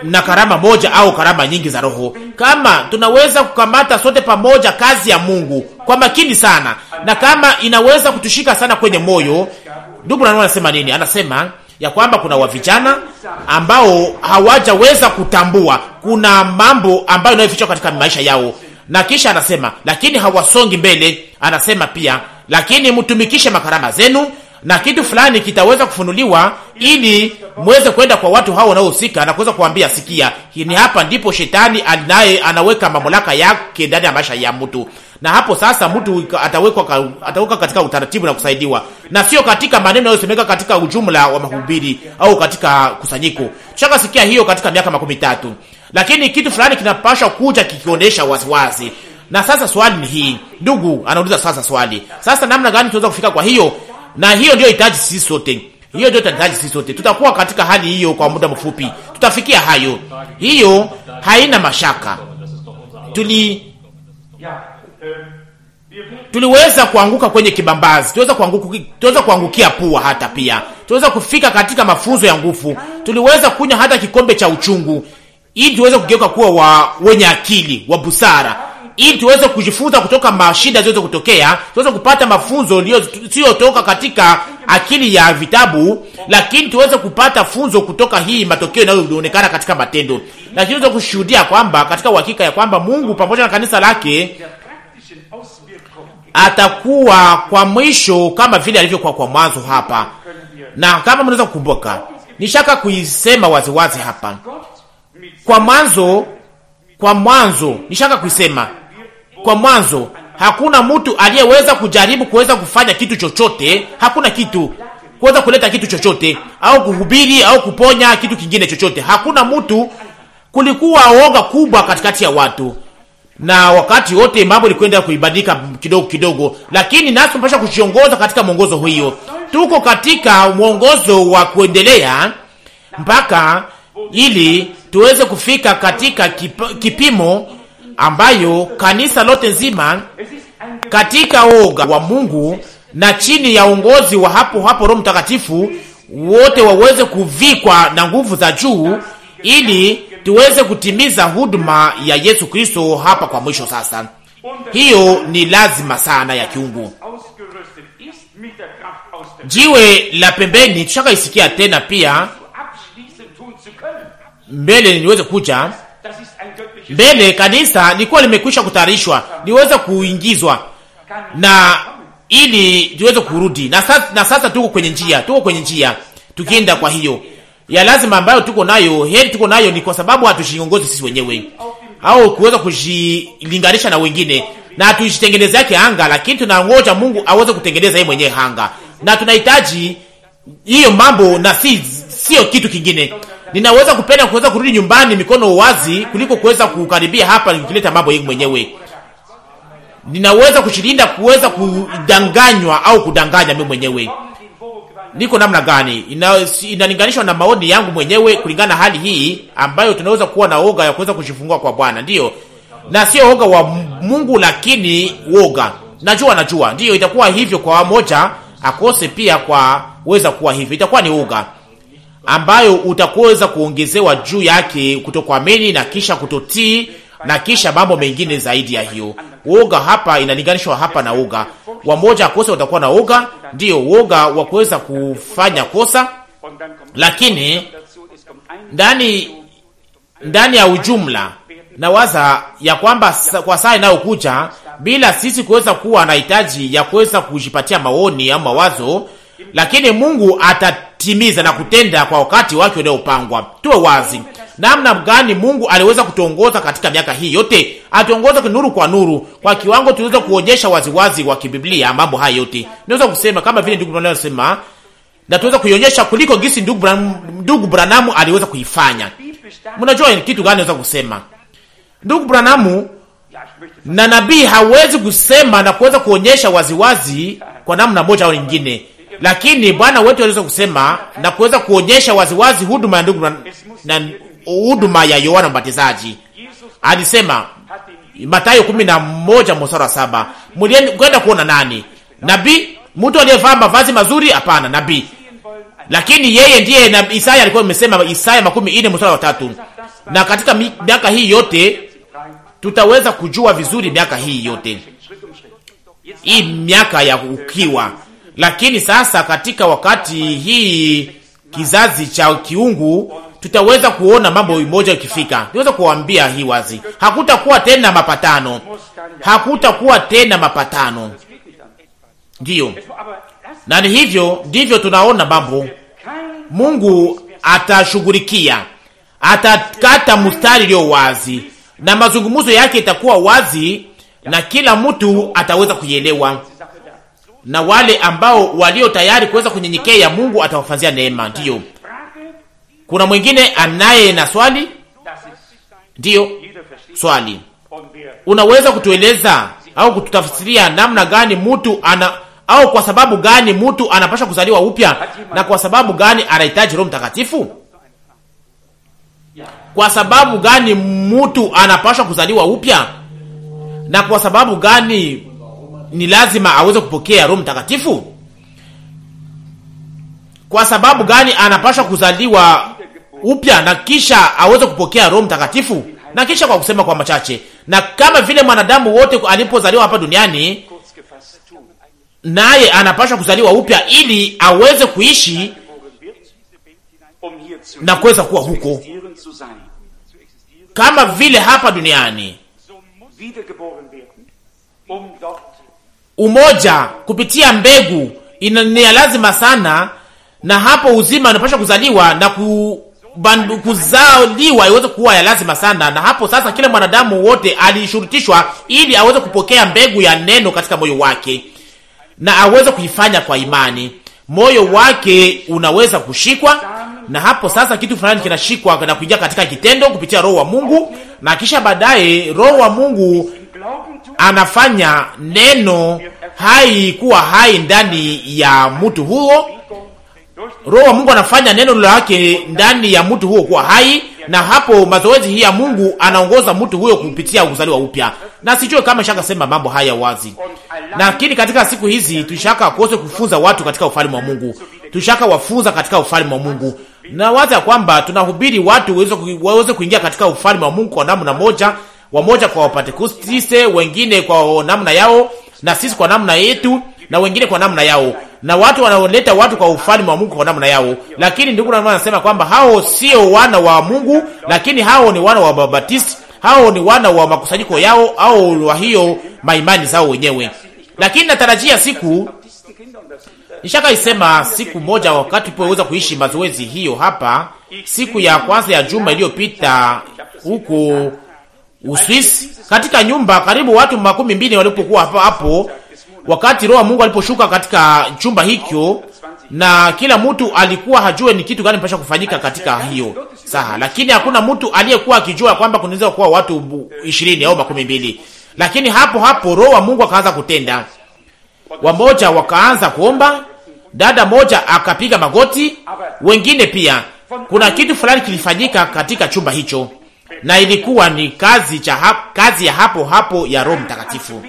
na karama moja au karama nyingi za Roho, kama tunaweza kukamata sote pamoja kazi ya Mungu kwa makini sana, na kama inaweza kutushika sana kwenye moyo. Ndugu Branham anasema nini? Anasema ya kwamba kuna wavijana ambao hawajaweza kutambua kuna mambo ambayo inayofichwa katika maisha yao, na kisha anasema lakini hawasongi mbele. Anasema pia lakini mtumikishe makarama zenu na kitu fulani kitaweza kufunuliwa ili mweze kwenda kwa watu hao wanaohusika na kuweza kuambia, sikia, ni hapa ndipo shetani alinaye anaweka mamlaka yake ndani ya maisha ya mtu, na hapo sasa mtu atawekwa atawekwa katika utaratibu na kusaidiwa, na sio katika maneno yanayosemeka katika ujumla wa mahubiri au katika kusanyiko. sikia hiyo katika miaka makumi tatu, lakini kitu fulani kinapasha kuja kikionyesha wasiwasi. Na sasa swali ni hii, ndugu anauliza sasa swali, sasa namna gani tunaweza kufika kwa hiyo na hiyo ndio hitaji sisi sote, hiyo ndio tunahitaji sisi sote. Tutakuwa katika hali hiyo kwa muda mfupi, tutafikia hayo, hiyo haina mashaka. Tuli tuliweza kuanguka kwenye kibambazi, tuweza kuanguka, tuweza kuangukia pua, hata pia tuweza kufika katika mafunzo ya nguvu, tuliweza kunywa hata kikombe cha uchungu, ili tuweze kugeuka kuwa wa wenye akili wa busara ili tuweze kujifunza kutoka mashida ziweze kutokea, tuweze kupata mafunzo siyotoka katika akili ya vitabu, lakini tuweze kupata funzo kutoka hii matokeo inayoonekana katika matendo, lakini tuweze kushuhudia kwamba katika uhakika ya kwamba Mungu pamoja na kanisa lake atakuwa kwa mwisho kama vile alivyokuwa kwa mwanzo hapa. Na kama mnaweza kukumbuka, nishaka kuisema waziwazi hapa kwa mwanzo, kwa mwanzo nishaka kuisema kwa mwanzo hakuna mtu aliyeweza kujaribu kuweza kufanya kitu chochote, hakuna kitu kuweza kuleta kitu chochote au kuhubiri au kuponya kitu kingine chochote, hakuna mtu. Kulikuwa woga kubwa katikati ya watu, na wakati wote mambo likwenda kuibadilika kidogo kidogo, lakini nasi tunapasha kuchiongoza katika mwongozo huo. Tuko katika mwongozo wa kuendelea mpaka ili tuweze kufika katika kip, kipimo ambayo kanisa lote nzima katika oga wa Mungu na chini ya uongozi wa hapo hapo Roho Mtakatifu wote waweze kuvikwa na nguvu za juu ili tuweze kutimiza huduma ya Yesu Kristo hapa kwa mwisho. Sasa hiyo ni lazima sana ya kiungu. Jiwe la pembeni tushaka isikia tena pia mbele niweze kuja mbele kanisa likuwa limekwisha kutayarishwa liweza kuingizwa na ili tuweze kurudi na sasa, na sasa tuko kwenye njia, tuko kwenye njia tukienda. Kwa hiyo ya lazima ambayo tuko nayo, heri tuko nayo ni kwa sababu hatushingongozi sisi wenyewe au kuweza kujilinganisha na wengine, na hatujitengeneze yake anga, lakini tunangoja Mungu aweze kutengeneza yeye mwenyewe anga, na tunahitaji hiyo mambo na si sio kitu kingine. Ninaweza kupenda kuweza kurudi nyumbani mikono wazi kuliko kuweza kukaribia hapa nikileta mambo yangu mwenyewe. Ninaweza kushirinda kuweza kudanganywa au kudanganya mimi mwenyewe. Niko namna gani? Inalinganishwa ina na maoni yangu mwenyewe kulingana hali hii ambayo tunaweza kuwa na oga ya kuweza kujifungua kwa Bwana, Ndio. na sio oga wa Mungu, lakini woga. Najua, najua, Ndio itakuwa hivyo kwa moja, akose pia kwa weza kuwa hivyo, itakuwa ni uga ambayo utakuweza kuongezewa juu yake kutokuamini na kisha kutotii na kisha mambo mengine zaidi ya hiyo. Uoga hapa inalinganishwa hapa na woga wa moja kosa, utakuwa na woga ndiyo uoga wa kuweza kufanya kosa, lakini ndani ndani ya ujumla nawaza ya kwamba kwa saa inayokuja bila sisi kuweza kuwa na hitaji ya kuweza kujipatia maoni au mawazo, lakini Mungu ata kutimiza na kutenda kwa wakati wake uliopangwa. Tuwe wazi namna gani Mungu aliweza kutuongoza katika miaka hii yote, atuongoza nuru kwa nuru, kwa kiwango tuweza kuonyesha waziwazi wa kibiblia mambo haya yote. Naweza kusema kama vile ndugu Branham anasema, na tuweza kuionyesha kuliko gisi ndugu Branham, ndugu Branham aliweza kuifanya. Mnajua kitu gani naweza kusema? Ndugu Branham na nabii hawezi kusema na kuweza kuonyesha waziwazi kwa namna moja au nyingine lakini Bwana wetu aliweza kusema na kuweza kuonyesha waziwazi huduma ya ndugu na huduma ya Yohana Mbatizaji. Alisema Mathayo 11 mstari wa saba, mlieni kwenda kuona nani? Nabii? Mtu aliyevaa mavazi mazuri? Hapana, nabii. Lakini yeye ndiye na Isaya alikuwa amesema, Isaya makumi ine mstari wa tatu. Na katika miaka hii yote tutaweza kujua vizuri miaka hii yote, hii miaka ya ukiwa lakini sasa katika wakati hii kizazi cha kiungu tutaweza kuona mambo moja ikifika. Niweza kuwambia hii wazi, hakutakuwa tena mapatano, hakutakuwa tena mapatano. Ndiyo, na ni hivyo ndivyo tunaona mambo. Mungu atashughulikia, atakata mstari ulio wazi, na mazungumzo yake itakuwa wazi, na kila mtu ataweza kuielewa na wale ambao walio tayari kuweza kunyenyekea Mungu atawafanzia neema. Ndiyo, kuna mwingine anaye na swali? Ndiyo, swali, unaweza kutueleza au kututafsiria namna gani mtu ana au kwa sababu gani mtu anapasha kuzaliwa upya na kwa sababu gani anahitaji Roho Mtakatifu? Kwa sababu gani mtu anapashwa kuzaliwa upya na kwa sababu gani ni lazima aweze kupokea Roho Mtakatifu? Kwa sababu gani anapaswa kuzaliwa upya na kisha aweze kupokea Roho Mtakatifu? Na kisha kwa kusema kwa machache, na kama vile mwanadamu wote alipozaliwa hapa duniani, naye anapaswa kuzaliwa upya ili aweze kuishi na kuweza kuwa huko kama vile hapa duniani umoja kupitia mbegu ni ya lazima sana, na hapo uzima unapaswa kuzaliwa na ku Bandu kuzaliwa iweze kuwa ya lazima sana, na hapo sasa kila mwanadamu wote alishurutishwa ili aweze kupokea mbegu ya neno katika moyo wake na aweze kuifanya kwa imani. Moyo wake unaweza kushikwa, na hapo sasa kitu fulani kinashikwa na kuingia katika kitendo kupitia Roho wa Mungu, na kisha baadaye Roho wa Mungu anafanya neno hai kuwa hai ndani ya mtu huo. Roho wa Mungu anafanya neno lake ndani ya mtu huo kuwa hai, na hapo mazoezi hii ya Mungu anaongoza mtu huyo kupitia uzaliwa upya. Na sijue kama shaka sema mambo haya wazi, lakini katika siku hizi tushaka kose kufunza watu katika ufalme wa Mungu, tushaka wafunza katika ufalme wa Mungu na waza kwamba tunahubiri watu waweze kuingia katika ufalme wa Mungu kwa namna moja wamoja kwa Wapatekustise, wengine kwa namna yao, na sisi kwa namna yetu, na wengine kwa namna yao, na watu wanaoleta watu kwa ufalme wa Mungu kwa namna yao. Lakini ndugu na anasema kwamba hao sio wana wa Mungu, lakini hao ni wana wa Babatisti, hao ni wana wa makusanyiko yao, au wa hiyo maimani zao wenyewe. Lakini natarajia siku nishaka isema siku moja, wakati tuweza kuishi mazoezi hiyo hapa siku ya kwanza ya juma iliyopita huko Uswisi, katika nyumba karibu watu makumi mbili walipokuwa hapo hapo, wakati roho Mungu aliposhuka katika chumba hicho, na kila mtu alikuwa hajue ni kitu gani mpasha kufanyika katika hiyo saha, lakini hakuna mtu aliyekuwa akijua kwamba kunaweza kuwa watu 20 au makumi mbili. Lakini hapo hapo roho wa Mungu akaanza kutenda, wamoja wakaanza kuomba, dada moja akapiga magoti, wengine pia. Kuna kitu fulani kilifanyika katika chumba hicho na ilikuwa ni kazi, cha hap, kazi ya hapo hapo ya Roho Mtakatifu,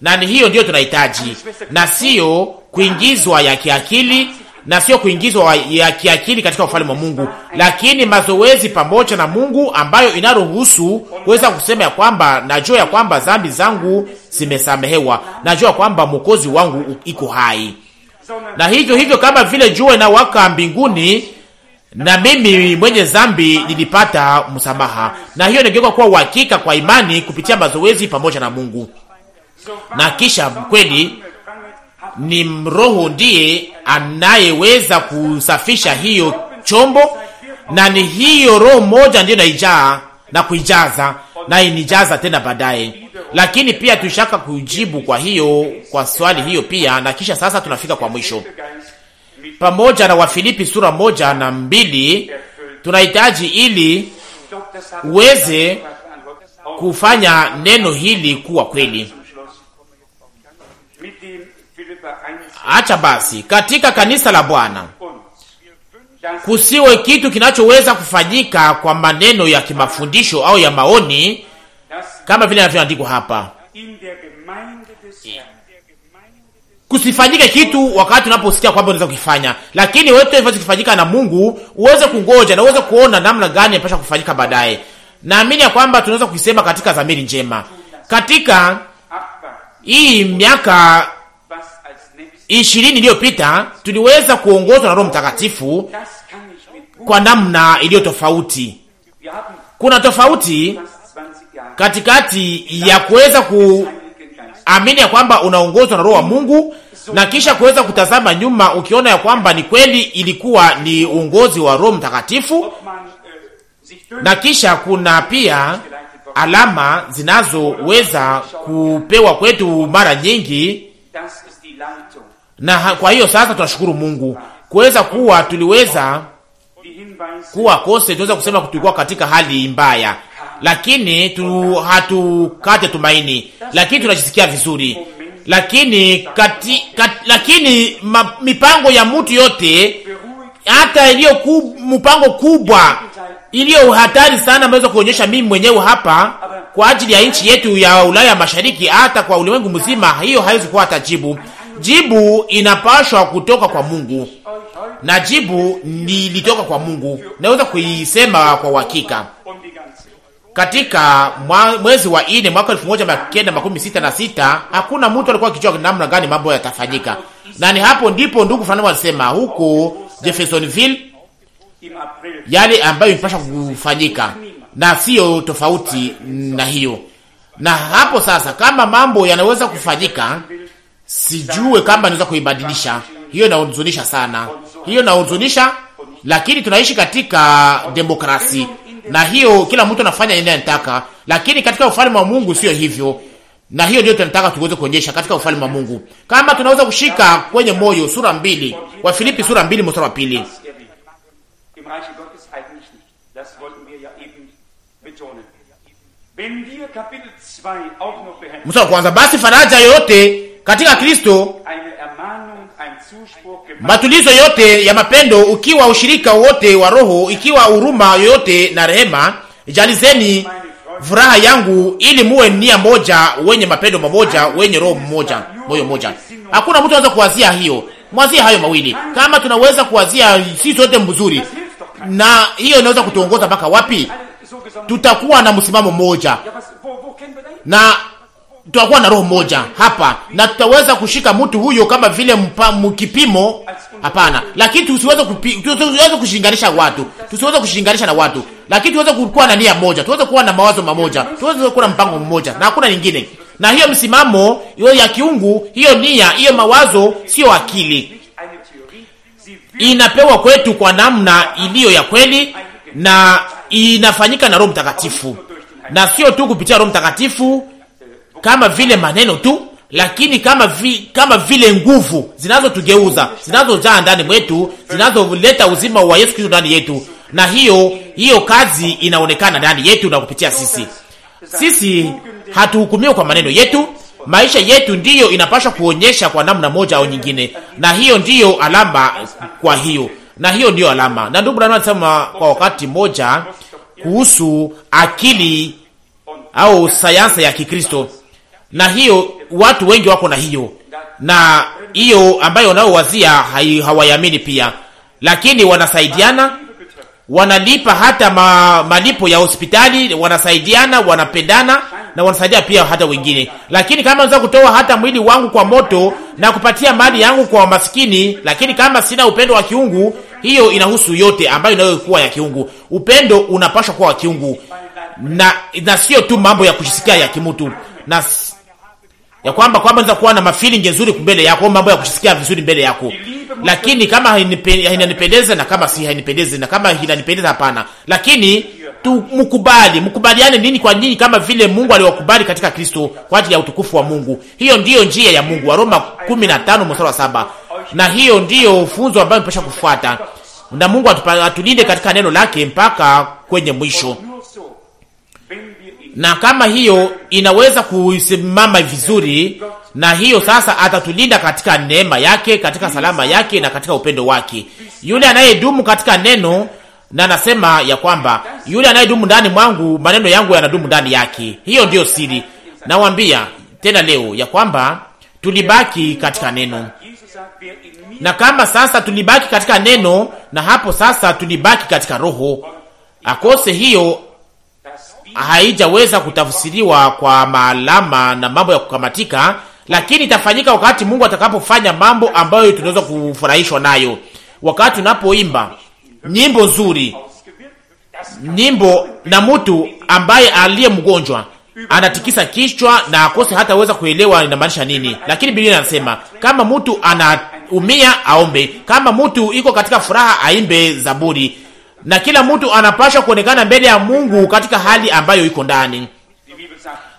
na ni hiyo ndiyo tunahitaji, na sio kuingizwa ya kiakili na sio kuingizwa ya kiakili katika ufalme wa Mungu, lakini mazoezi pamoja na Mungu ambayo inaruhusu kuweza kusema ya kwamba najua ya kwamba dhambi zangu zimesamehewa, najua ya kwamba mwokozi wangu iko hai. Na hivyo hivyo, kama vile jua inawaka mbinguni na mimi mwenye zambi nilipata msamaha, na hiyo ningekuwa kuwa uhakika kwa imani kupitia mazoezi pamoja na Mungu. Na kisha kweli ni Roho ndiye anayeweza kusafisha hiyo chombo, na ni hiyo roho moja ndiyo naijaa na kuijaza na inijaza tena baadaye. Lakini pia tushaka kujibu kwa hiyo kwa swali hiyo pia, na kisha sasa tunafika kwa mwisho pamoja na Wafilipi sura moja na mbili tunahitaji ili uweze kufanya neno hili kuwa kweli. Acha basi katika kanisa la Bwana kusiwe kitu kinachoweza kufanyika kwa maneno ya kimafundisho au ya maoni, kama vile inavyoandikwa hapa kusifanyike kitu wakati unaposikia kwamba unaweza kukifanya, lakini wote viweze kufanyika na Mungu, uweze kungoja na uweze kuona namna gani inapaswa kufanyika baadaye. Naamini ya kwamba tunaweza kuisema katika dhamiri njema katika hii miaka ishirini iliyopita tuliweza kuongozwa na Roho Mtakatifu kwa namna iliyo tofauti. Kuna tofauti katikati ya kuweza ku amini ya kwamba unaongozwa na Roho wa Mungu na kisha kuweza kutazama nyuma ukiona ya kwamba ni kweli ilikuwa ni uongozi wa Roho Mtakatifu, na kisha kuna pia alama zinazoweza kupewa kwetu mara nyingi, na kwa hiyo sasa tunashukuru Mungu kuweza kuwa tuliweza kuwa kose, tunaweza kusema tulikuwa katika hali mbaya lakini tu hatukate tumaini, lakini tunajisikia vizuri, lakini kati, kat, lakini ma, mipango ya mtu yote hata iliyo mpango kubwa iliyo hatari sana ameweza kuonyesha mimi mwenyewe hapa kwa ajili ya nchi yetu ya Ulaya Mashariki, hata kwa ulimwengu mzima, hiyo haiwezi kuwa hata jibu. Jibu inapashwa kutoka kwa Mungu na jibu lilitoka kwa Mungu, naweza kuisema kwa uhakika katika mwezi wa nne mwaka elfu moja mia kenda makumi sita na sita hakuna mtu alikuwa akijua namna gani mambo yatafanyika, na ni hapo ndipo ndugu fulani walisema huko Jeffersonville yale ambayo imepasha kufanyika na sio tofauti na hiyo. Na hapo sasa, kama mambo yanaweza kufanyika, sijue kama niweza kuibadilisha hiyo. Inahuzunisha sana, hiyo inahuzunisha, lakini tunaishi katika demokrasia na hiyo kila mtu anafanya yeye anataka, lakini katika ufalme wa Mungu sio hivyo, na hiyo ndio tunataka tuweze kuonyesha katika ufalme wa Mungu, kama tunaweza kushika kwenye moyo. Sura mbili wa Filipi sura mbili mstari wa pili mstari wa kwanza, basi faraja yoyote katika Kristo matulizo yote ya mapendo, ukiwa ushirika wote wa Roho, ikiwa huruma yoyote na rehema. Jalizeni furaha yangu, ili muwe nia moja, wenye mapendo mamoja, wenye roho mmoja, moyo mmoja. Hakuna mtu anaweza kuwazia hiyo, mwazie hayo mawili. Kama tunaweza kuwazia sisi sote mzuri, na hiyo inaweza kutuongoza mpaka wapi? Tutakuwa na msimamo mmoja na tutakuwa na roho moja hapa na tutaweza kushika mtu huyo kama vile mpa, mkipimo. Hapana, lakini tusiweze tusiweze kushinganisha watu, tusiweze kushinganisha na watu, lakini tuweze kuwa na nia moja, tuweze kuwa na mawazo mamoja, tuweze kuwa na mpango mmoja na hakuna nyingine. Na hiyo msimamo hiyo ya kiungu, hiyo nia, hiyo mawazo, sio akili, inapewa kwetu kwa namna iliyo ya kweli na inafanyika na Roho Mtakatifu na sio tu kupitia Roho Mtakatifu kama vile maneno tu, lakini kama, vi, kama vile nguvu zinazotugeuza zinazojaa ndani mwetu zinazoleta uzima wa Yesu Kristo ndani yetu, na hiyo hiyo kazi inaonekana ndani yetu na kupitia sisi. Sisi hatuhukumiwe kwa maneno yetu, maisha yetu ndiyo inapaswa kuonyesha kwa namna moja au nyingine, na hiyo ndiyo alama. Kwa hiyo na hiyo ndiyo alama. Na ndugu Branham anasema kwa wakati mmoja kuhusu akili au sayansi ya Kikristo na hiyo watu wengi wako na hiyo, na hiyo ambayo wanaowazia hawayamini pia, lakini wanasaidiana, wanalipa hata ma, malipo ya hospitali, wanasaidiana, wanapendana na wanasaidia pia hata wengine. Lakini kama naweza kutoa hata mwili wangu kwa moto na kupatia mali yangu kwa maskini, lakini kama sina upendo wa kiungu, hiyo inahusu yote ambayo inayokuwa ya kiungu. Upendo unapashwa kuwa wa kiungu na, na sio tu mambo ya kujisikia ya kimutu na ya kwamba kwamba niza kuwa na mafilingi nzuri mbele yako, mambo ya kusikia vizuri mbele yako, lakini kama hainipendeze na kama si hainipendeze na kama inanipendeza hapana, lakini tu mkubali, mkubaliane nini kwa nini, kama vile Mungu aliwakubali katika Kristo kwa ajili ya utukufu wa Mungu. Hiyo ndiyo njia ya Mungu, Waroma 15 mstari wa saba. Na hiyo ndiyo funzo ambayo mpasha kufuata, na Mungu atulinde katika neno lake mpaka kwenye mwisho na kama hiyo inaweza kusimama vizuri, na hiyo sasa atatulinda katika neema yake, katika salama yake na katika upendo wake. Yule anayedumu katika neno na nasema ya kwamba yule anayedumu ndani mwangu, maneno yangu yanadumu ndani yake. Hiyo ndiyo siri. Nawambia tena leo ya kwamba tulibaki katika neno, na kama sasa tulibaki katika neno, na hapo sasa tulibaki katika roho. Akose hiyo haijaweza kutafsiriwa kwa maalama na mambo ya kukamatika, lakini itafanyika wakati Mungu atakapofanya mambo ambayo tunaweza kufurahishwa nayo, wakati unapoimba nyimbo nzuri, nyimbo na mtu ambaye aliye mgonjwa anatikisa kichwa na akose weza kuelewa inamaanisha nini, lakini Biblia inasema kama mtu anaumia aombe, kama mtu iko katika furaha aimbe zaburi, na kila mtu anapaswa kuonekana mbele ya Mungu katika hali ambayo iko ndani.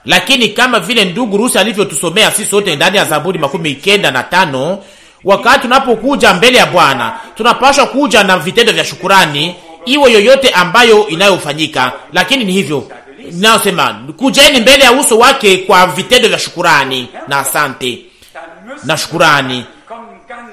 Lakini kama vile ndugu Rusi alivyotusomea sisi sote ndani ya Zaburi makumi kenda na tano, wakati tunapokuja mbele ya Bwana tunapaswa kuja na vitendo vya shukurani, iwe yoyote ambayo inayofanyika. Lakini ni hivyo nayosema, kujeni mbele ya uso wake kwa vitendo vya shukurani na asante na shukurani.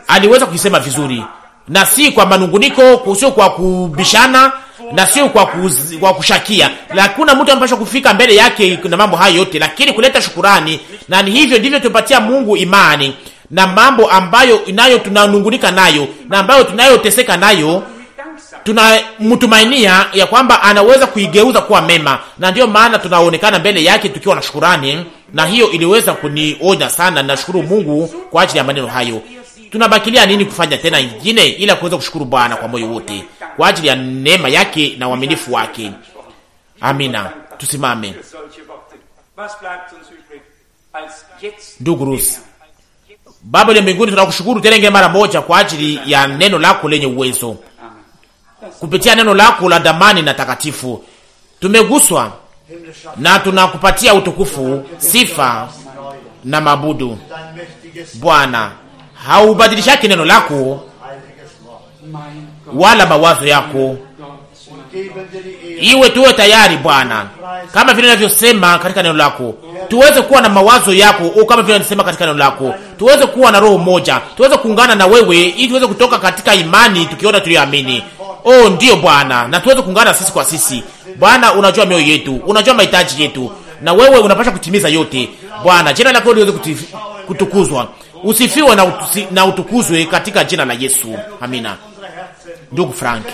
Aliweza kuisema vizuri na si kwa manunguniko, sio kwa kubishana na sio kwa, kuz, kwa kushakia. Hakuna mtu anapaswa kufika mbele yake na mambo hayo yote, lakini kuleta shukurani, na ni hivyo ndivyo tupatia Mungu imani na mambo ambayo inayo tunanungunika nayo na ambayo tunayoteseka nayo, tunamtumainia ya kwamba anaweza kuigeuza kuwa mema, na ndio maana tunaonekana mbele yake tukiwa na shukurani, na hiyo iliweza kunionya sana. Nashukuru Mungu kwa ajili ya maneno hayo tunabakilia nini kufanya tena ingine ila kuweza kushukuru Bwana kwa moyo wote kwa ajili ya neema yake na uaminifu wake. Amina. Tusimame. Ndugu Rusi, Baba ya mbinguni, tunakushukuru tena ingine mara moja kwa ajili ya neno lako lenye uwezo, kupitia neno lako la damani na takatifu tumeguswa na tunakupatia utukufu, sifa na mabudu Bwana haubadilishaki neno lako wala mawazo yako. Iwe tuwe tayari Bwana, kama vile navyosema katika neno lako, tuweze kuwa na mawazo yako kama vile nasema katika neno lako, tuweze kuwa na roho moja, tuweze kuungana na wewe ili tuweze kutoka katika imani tukiona tuliamini. Oh, ndiyo Bwana, na tuweze kuungana sisi kwa sisi. Bwana, unajua mioyo yetu, unajua mahitaji yetu, na wewe unapasha kutimiza yote Bwana. Jina lako liweze kutukuzwa usifiwe na, utusi, na utukuzwe katika jina la Yesu. Amina. Ndugu Frank,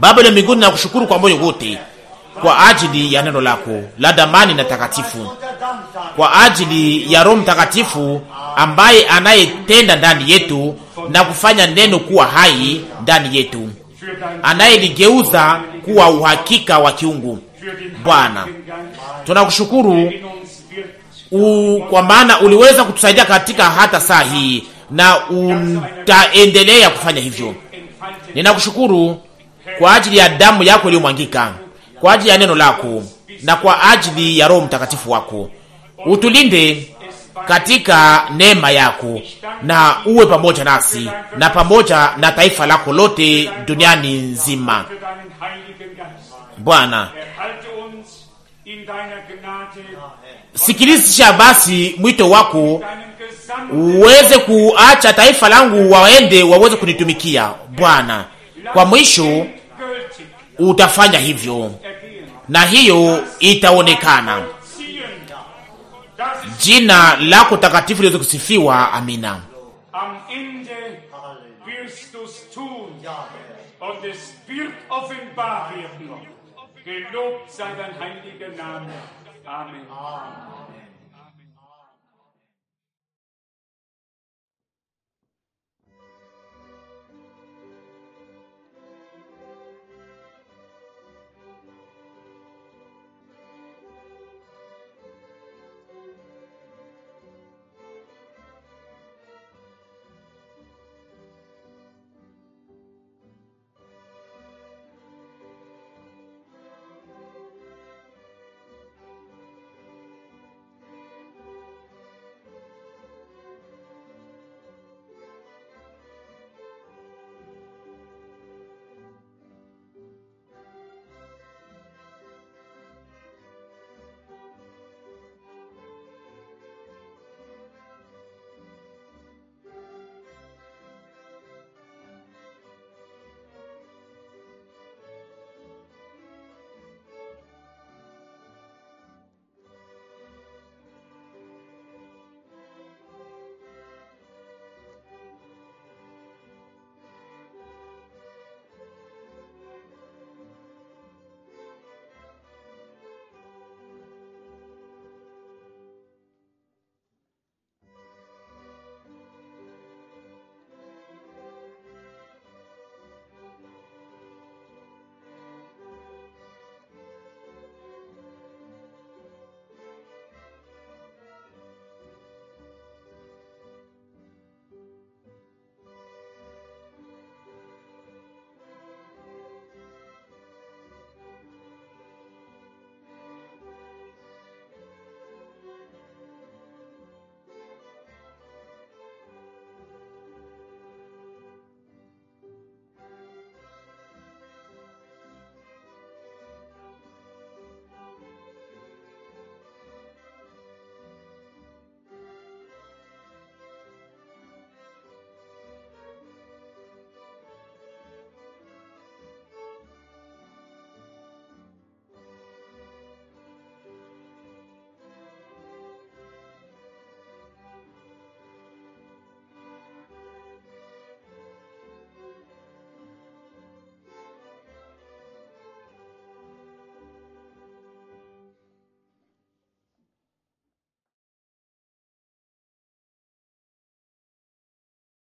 Baba ya mbinguni, nakushukuru kwa moyo wote kwa ajili ya neno lako la damani na takatifu, kwa ajili ya Roho Mtakatifu ambaye anayetenda ndani yetu na kufanya neno kuwa hai ndani yetu, anayeligeuza kuwa uhakika wa kiungu. Bwana, tunakushukuru u, kwa maana uliweza kutusaidia katika hata saa hii na utaendelea kufanya hivyo. Ninakushukuru kwa ajili ya damu yako iliyomwangika, kwa ajili ya neno lako na kwa ajili ya Roho Mtakatifu wako. Utulinde katika neema yako na uwe pamoja nasi na pamoja na taifa lako lote duniani nzima. Bwana sikilizisha basi mwito wako uweze kuacha taifa langu waende waweze kunitumikia Bwana. Kwa mwisho utafanya hivyo, na hiyo itaonekana. Jina lako takatifu liweze kusifiwa. Amina. Amen. Amen.